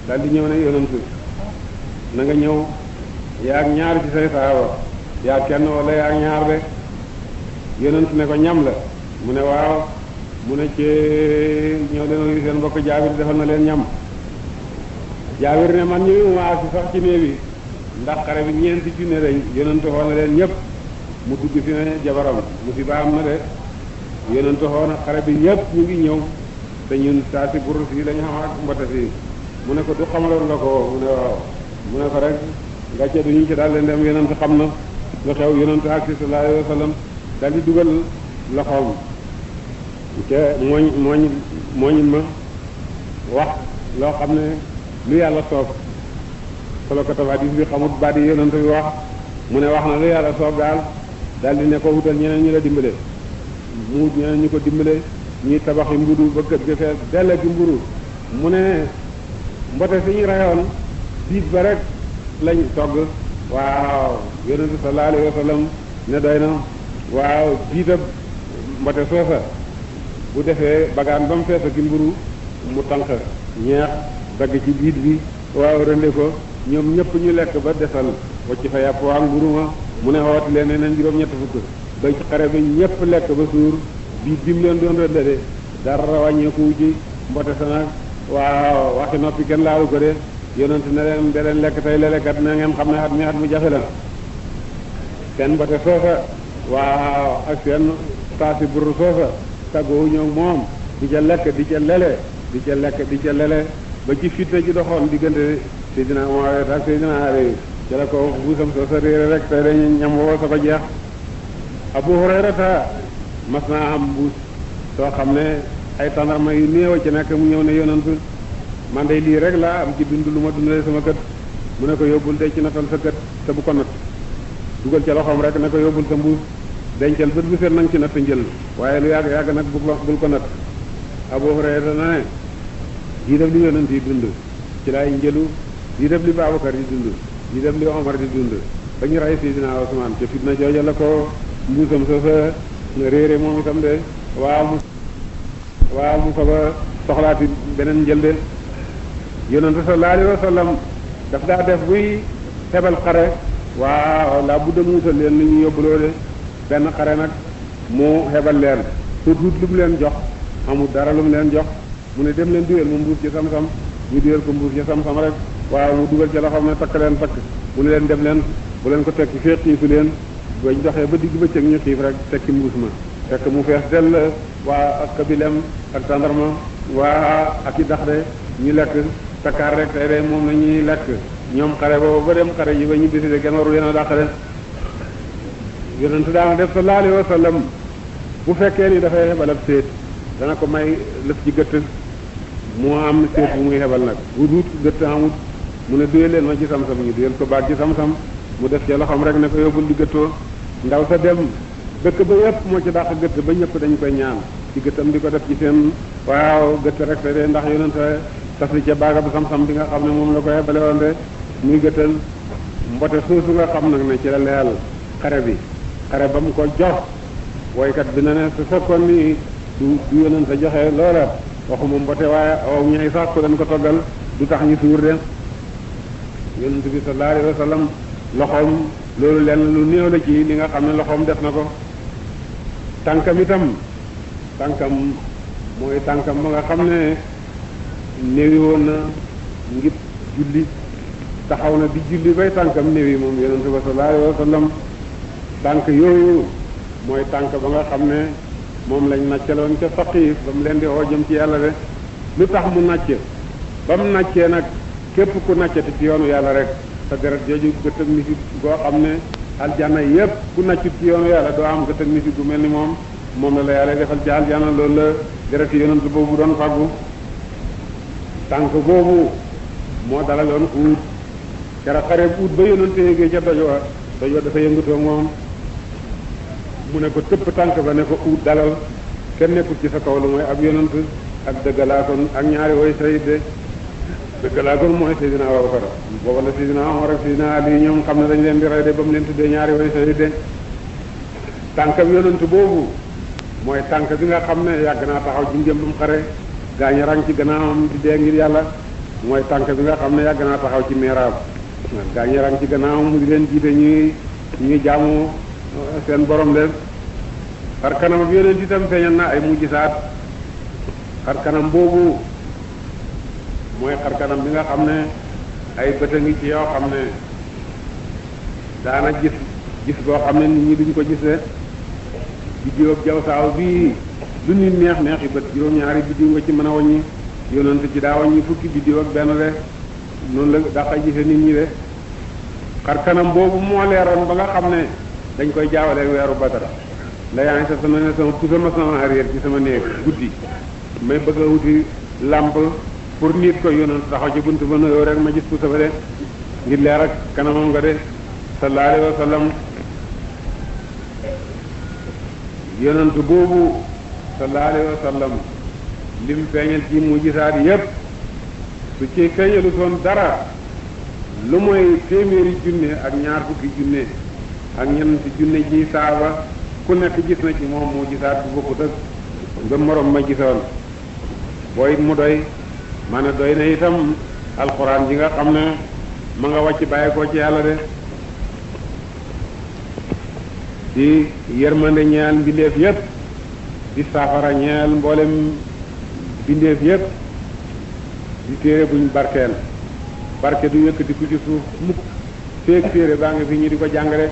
daal di ñëw ne yonent bi na nga ñëw yaag ñaar ci say saaba yaag kenn wala ak ñaar de yonent ne ko ñam la mu ne waaw mu ne ci ñëw leen seen mbokk jaabir defal na leen ñam jaabir ne man ñëwee ma agsi sax ci néew yi ndax xare bi ñeenti junne lañ yonent xoo na leen ñëpp mu dugg fi ne jabaram mu si baam na de yonent xoo xare bi ñëpp ñu ngi ñëw te ñun saa burus yi lañu xam ak mbota si mu ne ko du xamaloon la ko mu ne waaw mu ne ko rek ngàcce du ñu ci daal leen dem yonent xam na lu xew yonent ak si sallallahu alayhi wa sallam daal di dugal loxoom te mooñ mooñ mooñit ma wax loo xam ne lu yàlla soob solo ko tabaat bi xamut baat yi yonent bi wax mu ne wax na lu yàlla soob daal daal di ne ko wutal ñeneen ñu la dimbale mu wut ñeneen ñu ko dimbale ñuy tabaxi mburu ba gëj gëfee dell gi mburu mu ne mbote si ñu reyoon diit ba rek lañ togg waaw yonent sallallahu alayhi ne doy na waaw diita mbote soosa bu defee bagaan ba mu fees mburu mu tànq ñeex dagg ci biit bi waaw rënde ko ñoom ñëpp ñu lekk ba desal wacc fa yàpp waa nguruma mu ne xooti leen ne nañ juróom-ñett fukk ba ci xare bi ñëpp lekk ba suur biit bi mu leen doon rënde de dara wàññeeku ci mbote sa nag waaw waxi noppi kenn laalu ko de yonent ne leen da leen lekk tey lelekat na ngeen xam ne at mu jafe la seen mbote soosa waaw ak seen taasi buru soosa taggowu ñëw moom di ca lekk di ca lele di ca lekk di ca lele ba ci fitna ji doxoon diggante Seydina Muawiya ak Seydina Ali ca la ko buusam soo sa réere rek te dañu ñam woo sa ko jeex Abu Hurayrata mas naa am buus soo xam ne ay tàndarma yu néew ci nekk mu ñëw ne yonantu man de lii rek laa am ci dund lu ma dundalee sama kët mu ne ko yóbbul de ci natal sa kët te bu ko natt dugal ca loxoom rek ne ko yóbbul sa mbuus dencal bët bu seet nang ci natt njël waaye lu yàgg yàgg nag bu ko natt Abu Hurayra na di def li yonent dund ci laay njëlu di def li Babacar yi dund di li Omar di dund ba ñu rey Seydina Ousmane ca fitna jooja la ko mbuusam sa sa réere moom itam de waaw mu waaw mu fa ba soxlaati beneen njël de yonent sallallahu alayhi wa sallam daf daa def buy xebal xare waaw laa budda muusal leen li ñu yóbbuloo de benn xare nag mu xebal leen tuut tuut lu mu leen jox amul dara lu mu leen jox mu ne dem leen dugal mu mbuus ci sam-sam ñu dugal ko mbuus ci sam-sam rek waaw mu dugal ca loxoom ne takk leen takk mu ne leen dem leen bu leen ko tekki fee xiifu leen bañ doxee ba digg bëccëg ñu xiif rek tekki mbuus ma fekk mu fees dell waa ak kabilem ak tàndarma waa ak i daxde ñu lekk takkaar rek tey de moom la ñuy lekk ñoom xare boobu ba dem xare ji ba ñu bisi de kenn warul yéen a dàqale yonent daana def sallallahu alayhi wa sallam bu fekkee ni dafay balab séet dana ko may lëf ci gëtt moo am seet bu muy hebal nag bu duut gëtt amut mu ne duyal leen ma ci samsam ñu duyal ko baat ci samsam mu def ca loxoom rek ne ko yóbbul di gëttoo ndaw sa dem dëkk ba yëpp moo ci dàq gëtt ba ñëpp dañu koy ñaan ci gëttam di ko def ci seen waaw gëtt rek sa dee ndax yonent tas li ca baagab samsam bi nga xam ne moom la ko hebale woon de muy gëttal mbote soosu nga xam nag ne ci la leyal xare bi xare ba mu ko jox woykat bi na ne su fekkoon ni du du yonent sa joxe loola waxuma mbote waaye aw ñaxi sax ku leen ko toggal du tax ñu suur de yonent bi sallallahu alayhi wa loxoom loolu lenn lu néew la ci li nga xam ne loxoom def na ko tànkam itam tànkam mooy tànkam ba nga xam ne néewi woon na ngir julli taxaw na di julli bay tànkam néewi moom yonent bi sallallahu alayhi wa sallam tànk yooyu mooy tànk ba nga xam ne moom lañ naccaloon ca faqiir ba mu leen di oo jëm ci yàlla de lu tax mu nàcce ba mu nàccee nag képp ku nàccati ci yoonu yàlla rek sa deret jooju gëtëg nisi goo xam ne aljanna yépp ku nàccut ci yoonu yàlla doo am gëtëg nisi gu mel ni moom moom la la yàlla defal ci aljanna loolu la deret yonent boobu doon faggu tànk boobu moo dalaloon uut cara xare uut ba yonent yéegee ca doj wa doj wa dafa yëngutoo moom mu ne ko tëpp tànk ba ne ko uut dalal kenn nekkul ci sa kaw lu mooy ab yonant ak dëggalaa kon ak ñaari way sayid de dëggalaa kon mooy Seydina Abubakar booba la Seydina Omar ak Seydina ñoom xam ne dañ leen di rey de ba mu leen tuddee ñaari way sayid de tànkam yonant boobu mooy tànk bi nga xam ne yàgg naa taxaw jim jëm bu mu xare gaañ rang ci gannaawam di dee ngir yàlla mooy tànk bi nga xam ne yàgg naa taxaw ci meeraam gaañ ci gannaawam mu di leen jiite ñuy ñuy jaamu seen borom leen xar kanam ak yonent itam feeñal na ay mujjisaat xar kanam boobu mooy xar kanam bi nga xam ne ay bët a ngi ci yoo xam ne daana gis gis boo xam ne nit ñi duñ ko gis de biddiw ak jaw saaw bii lu nit neex neexi bët juróom-ñaari biddiw nga ci mën a waññi yonent ci daa waññi fukki biddiw ak benn de noonu la dafa gise nit ñi de xar kanam boobu moo leeroon ba nga xam ne dañ koy jaawale weeru badar la yaa ngi sa sama ne sama pusa ma sama arrière ci sama néeg guddi may bëgg a wuti làmp pour nit ko yonent taxaw ci buntu ba nuyoo rek ma gis pusa ba de ngir leer ak kanamam nga de sallallahu alayhi yonent boobu sallallahu alayhi wa sallam lim feeñal ci mu gisaat yépp su ci feeñalu soon dara lu mooy téeméeri junne ak ñaar fukki junne ak ñeenti junne ji saaba ku nekk gis na ci moom mu gisaat bu bokkut ak ba morom ma gisoon boo it mu doy maanaam doy na itam alxuraan ji nga xam ne ma nga wàcc bàyyi ko ci yàlla de di yërmande ñeel mbindeef yépp di saafara ñeel mboolem mbindeef yépp di téere buñ barkeel barke du yëkkati ku ci suuf mukk feek téere baa nga fi ñu di ko jàng rek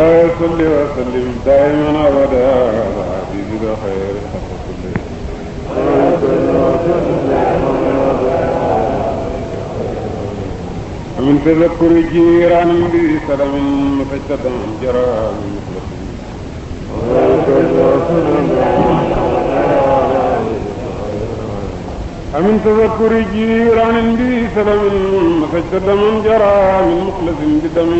مولاي صل وسلم دائما ابدا على عزيز الخير الحق كله ومن تذكر جيران بسلام مفتدا جرى من فمن تذكر جيران به سلم مسجد دم جرى من مخلص بدم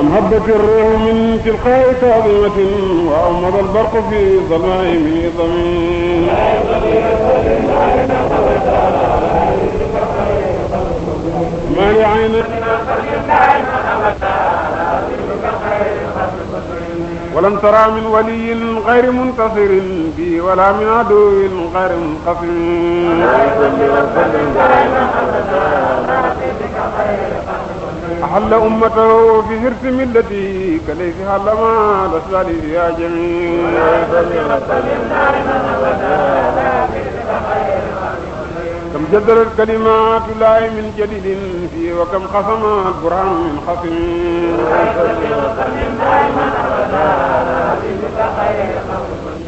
أم هبت الروح من تلقاء تعظيمة وأمض البرق في ظلماء من ضمين ما لعينك walan tara min waliyin xayri muntasirin bi wala min aduwin xayri munqasim أحل أمته في حرص ملته كليس حل ما لسالي يا جميل كم جدلت كلمات الله من جديد فيه وكم خصم البرهان من خصم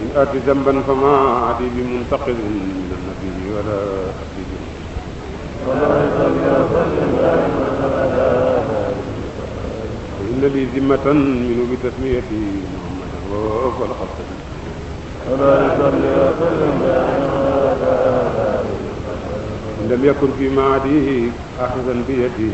إن آت ذنبا فما عدي بمنتقد من النبي ولا أبدي وإن لي ذمة منه بتسميتي محمدا وهو الخطب إن لم يكن في معدي أحدا بيدي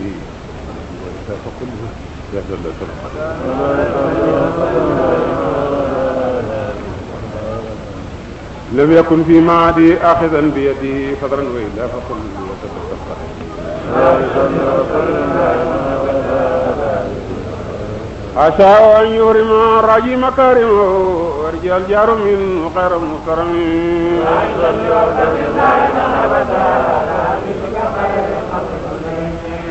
وإذا فقلنا sallallahu alaihi wasallam lam yakun fi maadi axidan bi yadihi fadran wa illa fa qul wa عسى أن يرم راجي مكارم ورجال جار من غير مكرم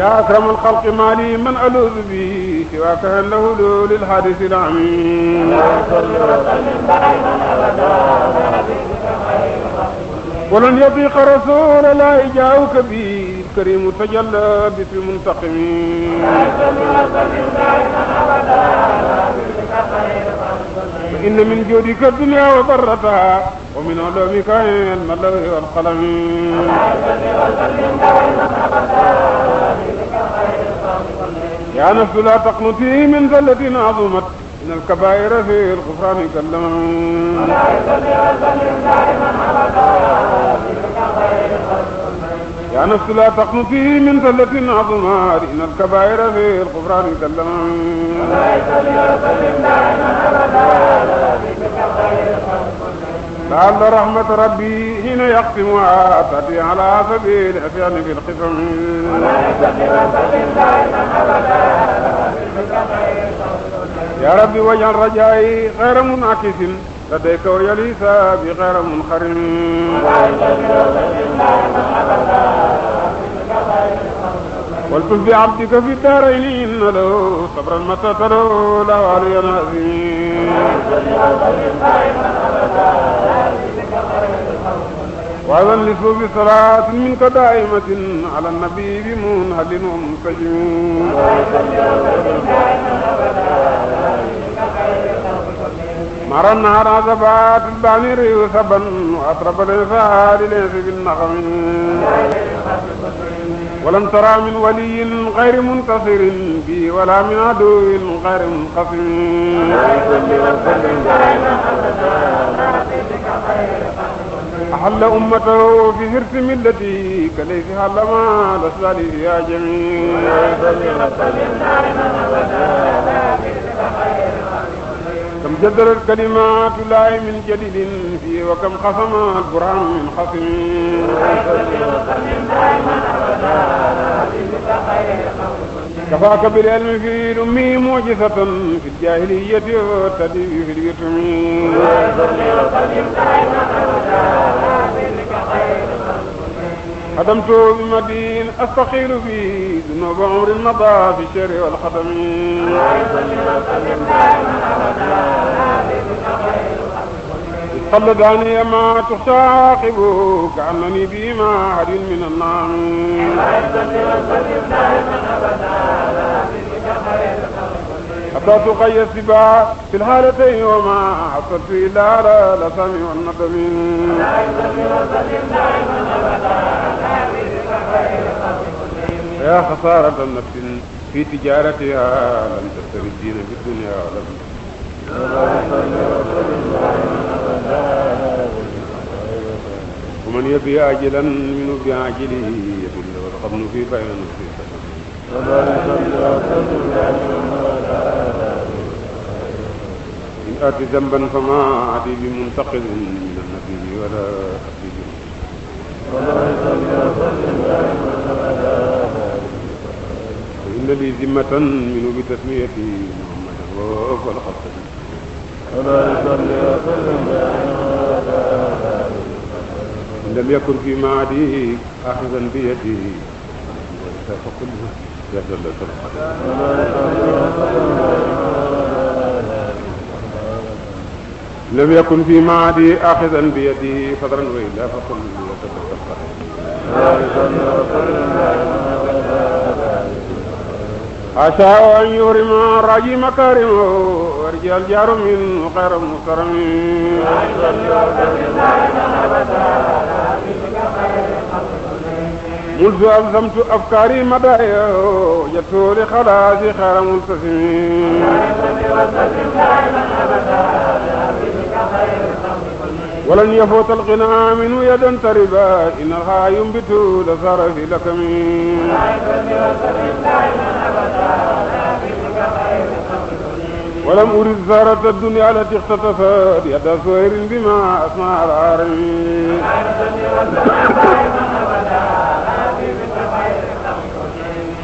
يا أكرم الخلق مالي من ألوذ به سواك له لول الحادث العميم ولن يضيق رسول الله جاءوك به الكريم تجلى باسم منتقم وسلم وسلم دائما ابدا إن من جودك الدنيا وضرتها ومن علومك علم اللوح والقلم يا نفس لا تقنطي من ذلة عظمت إن الكبائر في الغفران كاللمم yaa nafsi laa taqnutii min sallatin azumaat innal kabaa'ira fil ghufraani kallaman لعل رحمة ربي حين يقسمها تأتي على سبيل العصيان بالقسم يا ربي واجعل رجائي غير منعكس لديك ويلي سابي غير منخرم فاقتل بعبدك في الدارين إن له صبرا متى تلو له علي عظيم وأيضا لسوء صلاة منك دائمة على النبي بمنهل ومنسجم مر النهار عزبات البعير وسبا وأطرب الإنسان ليس بالنغم walam tara min waliyin xayri muntasirin bi wala min aduwin xayri munqasim أحل أمته في حرص ملتي كليس حل ما لسالي يا جميل جذرت كلمات الله من جديد في وكم خصمت برهان من خصم كفاك بالعلم في الأمي معجزة في الجاهلية والتدبير في اليتم xadamtu bi madin astaxilu fi dunuba umri mada fi sheri wal xatami قل داني ما تصاحب كأنني بما عد من النعم حتى تقي السباع في الحالتين وما حصلت إلا على لسامي والندم يا خسارة النفس في تجارتها لم تستر الدين في الدنيا ولم ومن يبيع عاجلا منه بعاجله يبل والقبن في بين في إن آت ذنبا فما عدي بمنتقد من النبي ولا أبدي به ولا يصلي وسلم دائما أبدا فإن لي ذمة منه بتسميتي محمدا وهو الخلق ولا يصلي وسلم دائما أبدا إن لم يكن في معدي أخذا بيدي فكل ما فيه جل ثناؤه لم يكن في معدي آخذا بيده فضلا وإلا فقل عسى أن يهرم الراجي مكارمه ويرجع الجار من غير مكرم منذ ألزمت أفكاري مدايا جدت لخلاصي خير ملتزم ولن يفوت الغنى منه يدا تربا إن الها ينبت لصار في لكم ولم أرد زارة الدنيا التي اختطفت يد سهر بما أسمع العارمين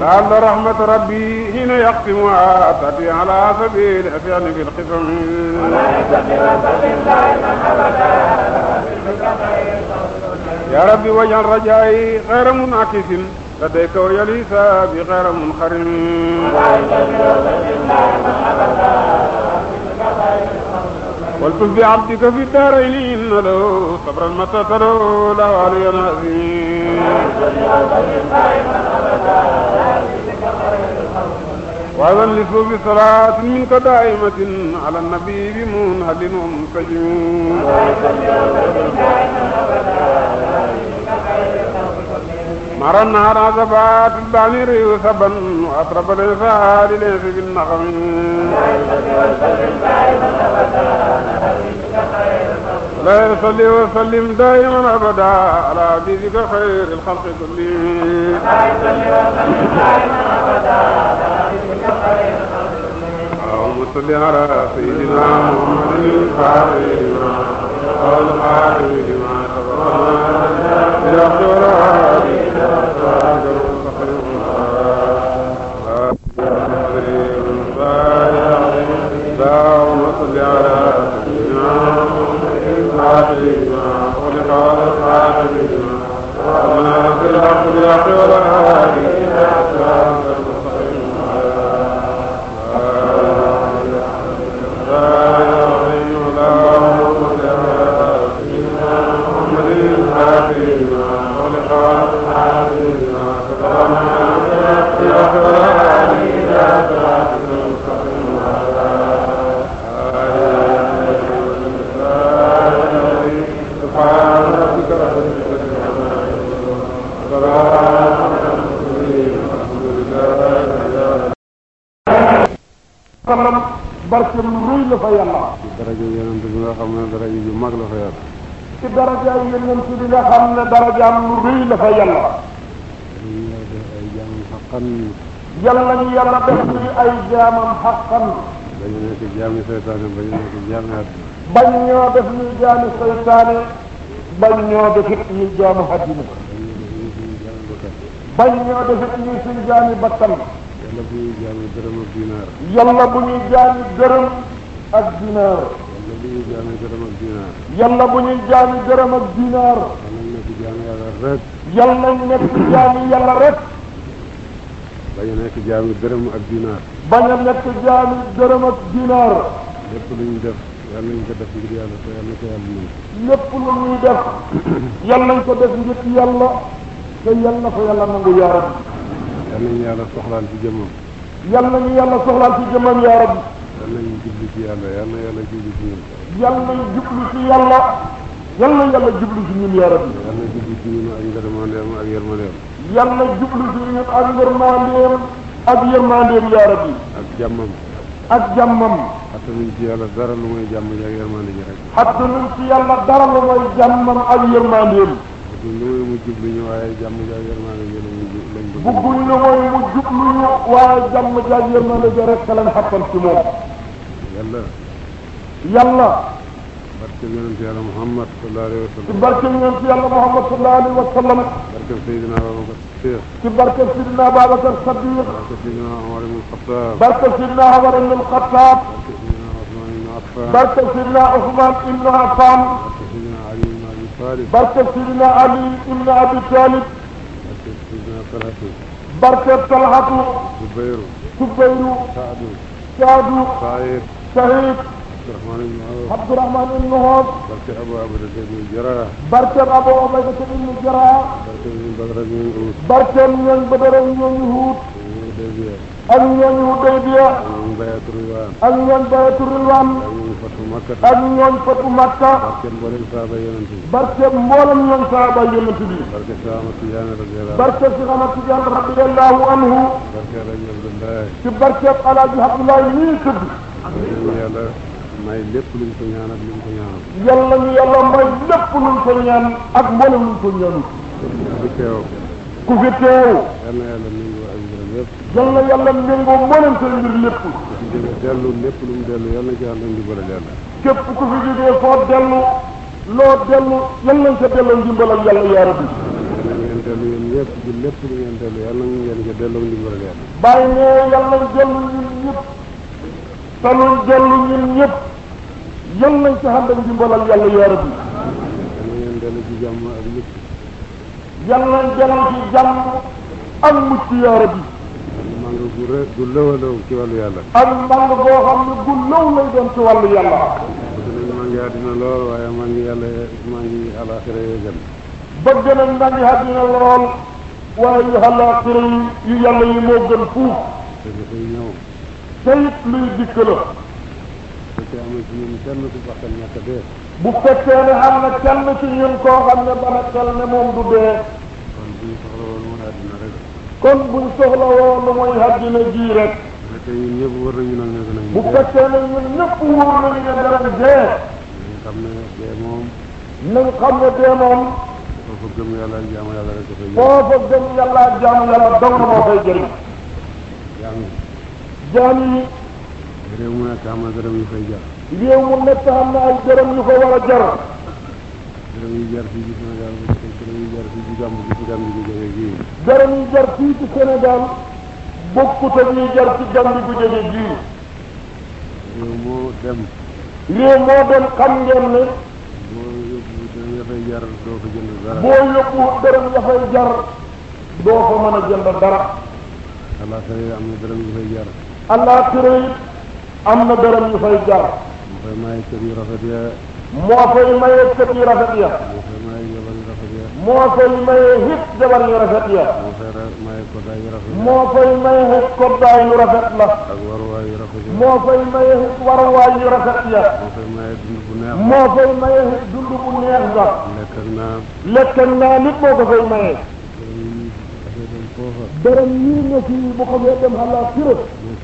لعل رحمة ربي حين يقسم آتتي على سبيل الأسيان في القسم يا ربي واجعل رجائي غير منعكس لديك ويلي سابي غير منخرم والتف بعبدك في الدارين إن له صبرا متى تلو له علي عظيم وأيضا لسوء صلاة منك دائمة على النبي بمنهل منسجم مر النهار عزبات البعير يسبا وأطرب الإنسان ليس بالنغم لا يصلي وسلم دائما ابدا على عبيدك خير الخلق كلهم لا يصلي وسلم دائما ابدا على عبيدك خير الخلق كلهم اللهم صل على سيدنا محمد الفاتح والخاتم bi nga xam ne dara jaam lu rëy la fa yàlla yàlla nañu yàlla def ñu ay jaamam xaqan bañ a nekk jaami seytaane bañ a nekk jaami àddina bañ ñoo def ñu jaami seytaane bañ ñoo defit ñu jaami àddina bañ ñoo defit ñu suñ jaami bakkan yàlla bu ñuy jaami dërëm ak dinaar yàlla bu ñuy jaami dërëm ak dinaar yàlla bu ñuy jaami dërëm ak dinaar yàlla bu ñuy jaami dërëm ak dinaar yàlla nañ nekk jaami yàlla rek bañ a nekk jaami dërëm ak dinaar bañ a nekk jaami dërëm ak dinaar lépp lu ñu def yàlla nañ ko def ngir yàlla te yàlla na ko yàlla mën lépp lu ñuy def yàlla nañ ko def ngir yàlla te yàlla na ko yàlla nangu yaa rabbi yàlla nañu yàlla soxlaal ci jëmmam yàlla nañu yàlla soxlaal ci jëmmam yaa rabbi yal nañu jublu ci yàlla yal na yàlla jublu ci ñun. yal nañ jublu ci yàlla. yal na yàlla jublu ci ñun yaa rabbi. yal na jublu ci ñun ak ngërmandeem ak yërmandeem. yal na jublu ci ñun ak ngërmandeem ak yërmandeem yaa rabbi. ak jàmmam. ak jàmmam. xattanuñ ci yàlla dara lu mooy jàmm ji ak yërmande ji rek. xattanuñ ci yàlla dara lu mooy jàmmam ak yërmandeem. buñ lu mooy mu jublu ñu waaye jàmm ji ak yërmande ji lañ bëgg. bëgguñ lu mooy mu jublu ñu waaye jàmm ji ak yërmande ji rek lañ xattan ci moom. yàlla yàlla barke yonent yàlla Muhammad sallallahu alayhi wa sallam ci barke yonent yàlla Muhammad sallallahu alayhi wa sallam barke Seydina Babacar Siddiq ci barke Seydina Babacar Siddiq barke Seydina Omar ibn Khattab barke Seydina Omar ibn Khattab barke Seydina Ousmane ibn Affan barke Seydina Ali ibn Abi Talib barke Seydina Ali ibn Abi Talib barke Seydina Talhatu barke Talhatu Zubairu Zubairu Saadu Saadu Saïd shahid Abdurahman ibn Awf barkeb Abu Ubayda ibn Jarrah barkeb Abu Ubayda ibn Jarrah barkeb ñoom Badara ñoom Uhud barkeb ñoom Badara ñoom Uhud ak ñoom Hudaybiya ak ñoom Bayatul Ridwan ak ñoom Fatu Makka barkeb mboolem saaba yonent bi barkeb mboolem ñoom saaba yonent bi barkeb Cheikh Ahmad Tidiane radiyallahu barkeb Cheikh Ahmad Tidiane radiyallahu anhu ci barkeb Alaaji Abdoulaye ñii tudd yàlla yàlla may lépp luñ ko ñaan ak luñ ko ñaanal. yàlla ñu yàlla may lépp luñ ko ñaan ak mboolem luñ ko ñaanal. ku fi ku fi teew. yal na yàlla méngoo ak mbiram lépp. yal na yàlla méngoo mboolem seen mbir lépp. ku fi jógee dellu lépp lu mu dellu yal na ci ànd ak ndimbalal yàlla. képp ku fi jógee foo dellu loo dellu yal nañ sa dellu yéen ñëpp ci lépp lu ngeen dellu yàlla na ngeen ca delloo dellu ñun ñëpp. te luñ dellu ñun ñëpp nañ ci xam ak ndimbalal yàlla yaa rabbi. yal nañ dellu ci jàmm ak mucc. yal nañ dellu ci jàmm ak rabbi. ak màng gu rë gu lëw a lëw ci wàllu yàlla. ak màng boo xam ne gu lëw lay doon ci wàllu yàlla. bëgg nañ màng àddina lool waaye màng yi moo gën te it luy dikk la. bu fekkee am na ci ñun kenn ku baxal ñàkk a dee. bu fekkee ne am na kenn ci ñun koo xam ne ba xel ne moom du dee. kon bu ñu soxla woon mooy àddina rek. kon bu ñu soxla woon lu mooy àddina ji rek. bu fekkee ñun ñëpp wër nañu ne danañ dee. bu fekkee ne ñun ñëpp wër nañu ne danañ dee. nañ xam ne dee moom. nañ xam ne dee moom. foofa gëm yàlla ak jaamu yàlla rek dafay jëriñ. foofa gëm yàlla ak jaamu yàlla dong moo fay jëriñ. jaamu. jaam yi réew mu nekk am na dërëm yu fay jar réew war a jar dërëm yu jar fii ci Sénégal dërëm yu jar fii ci Gàmbi gi ci Gàmbi gu jóge gii dërëm yu jar fii ci Sénégal moo dem réew moo dem xam ngeen ne dafay jar doo fa jënd jar doo fa mën a jënd dara. alaxira am na dërëm yu fay jar. àllaaxira it am na dërëm yu fay jaar. moo fay maye kër yu rafet ya. moo fay maye kër yu rafet ya. moo fay maye jabar yu rafet ya. moo fay maye it jabar yu rafet ya. moo fay maye koddaay yu rafet la. moo fay maye it koddaay yu rafet la. ak waruwaay yu rafet ya. moo fay maye it waruwaay yu rafet ya. moo fay maye dund bu neex. moo fay maye it dund bu neex la. lekk ak naan. lekk ak naan it moo ko fay maye. dërëm yii nga fi bu ko fee dem àllaaxira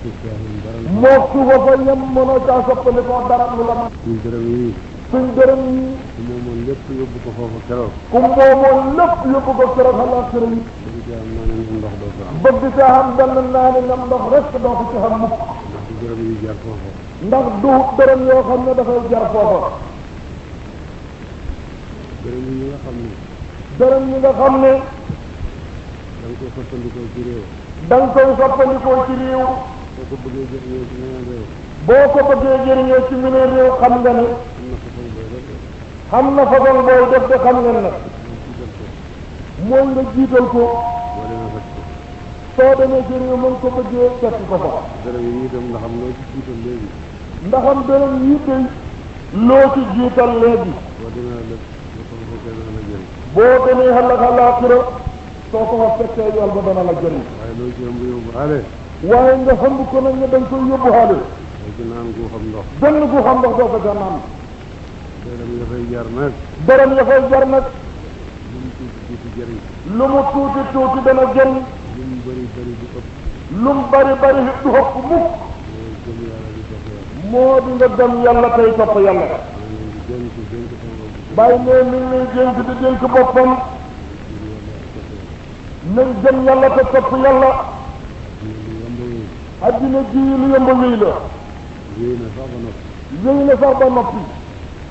moo ci wa fa yem mënoo caa soppalikoo dara lu la mën suñ dërëm yi suñ dërëm yi ku moomoon lépp yóbbu ko foofu keroog ku moomoon lépp yóbbu ko keroog xalaat sërëm yi bëgg caa am naa ne nam ndox doo ko am bëgg caa am benn naa ne nam ndox rek doo ko ci xam mukk ndax du dërëm yi jar foofu ndax du dërëm yoo xam ne dafay jar foofa dërëm yi nga xam ne dërëm yi nga xam ne da nga koy soppandikoo ci réew da nga koy soppandikoo ci réew ko bëggee jëriñoo ci meneen réew. boo ko bëggee jëriñoo ci meneen réew xam nga ni. xam na façon booy def de xam nga nag. mooy nga jiital ko. soo demee jëriñoo mën ko bëggee fekk ko fa. dërëm yi itam ndax am loo ci jiital léegi. ndax am dërëm yi itam loo ci jiital léegi. boo demee xalaat xalaat soo ko fa fekkee yool ba dana la jëriñ. loo waaye nga xam ko nag ne dañ koy yóbbu xaale. dégg naan gu xam ndox. gën gu xam ndox doo ko gën naan. dërëm ya fay jar nag. dërëm ya fay jar nag. lu mu tuuti tuuti jëriñ. lu dana jëriñ. lu mu bëri du ëpp. lu mu bëri bëri du ëpp mukk. moo di nga dem yàlla tey topp yàlla. bàyyi ne mi ngi lay dénk di dénk boppam. nañ dem yàlla te topp yàlla. adduna ji lu yomb wéy la. wéy na sax ba noppi. wéy na sax ba noppi.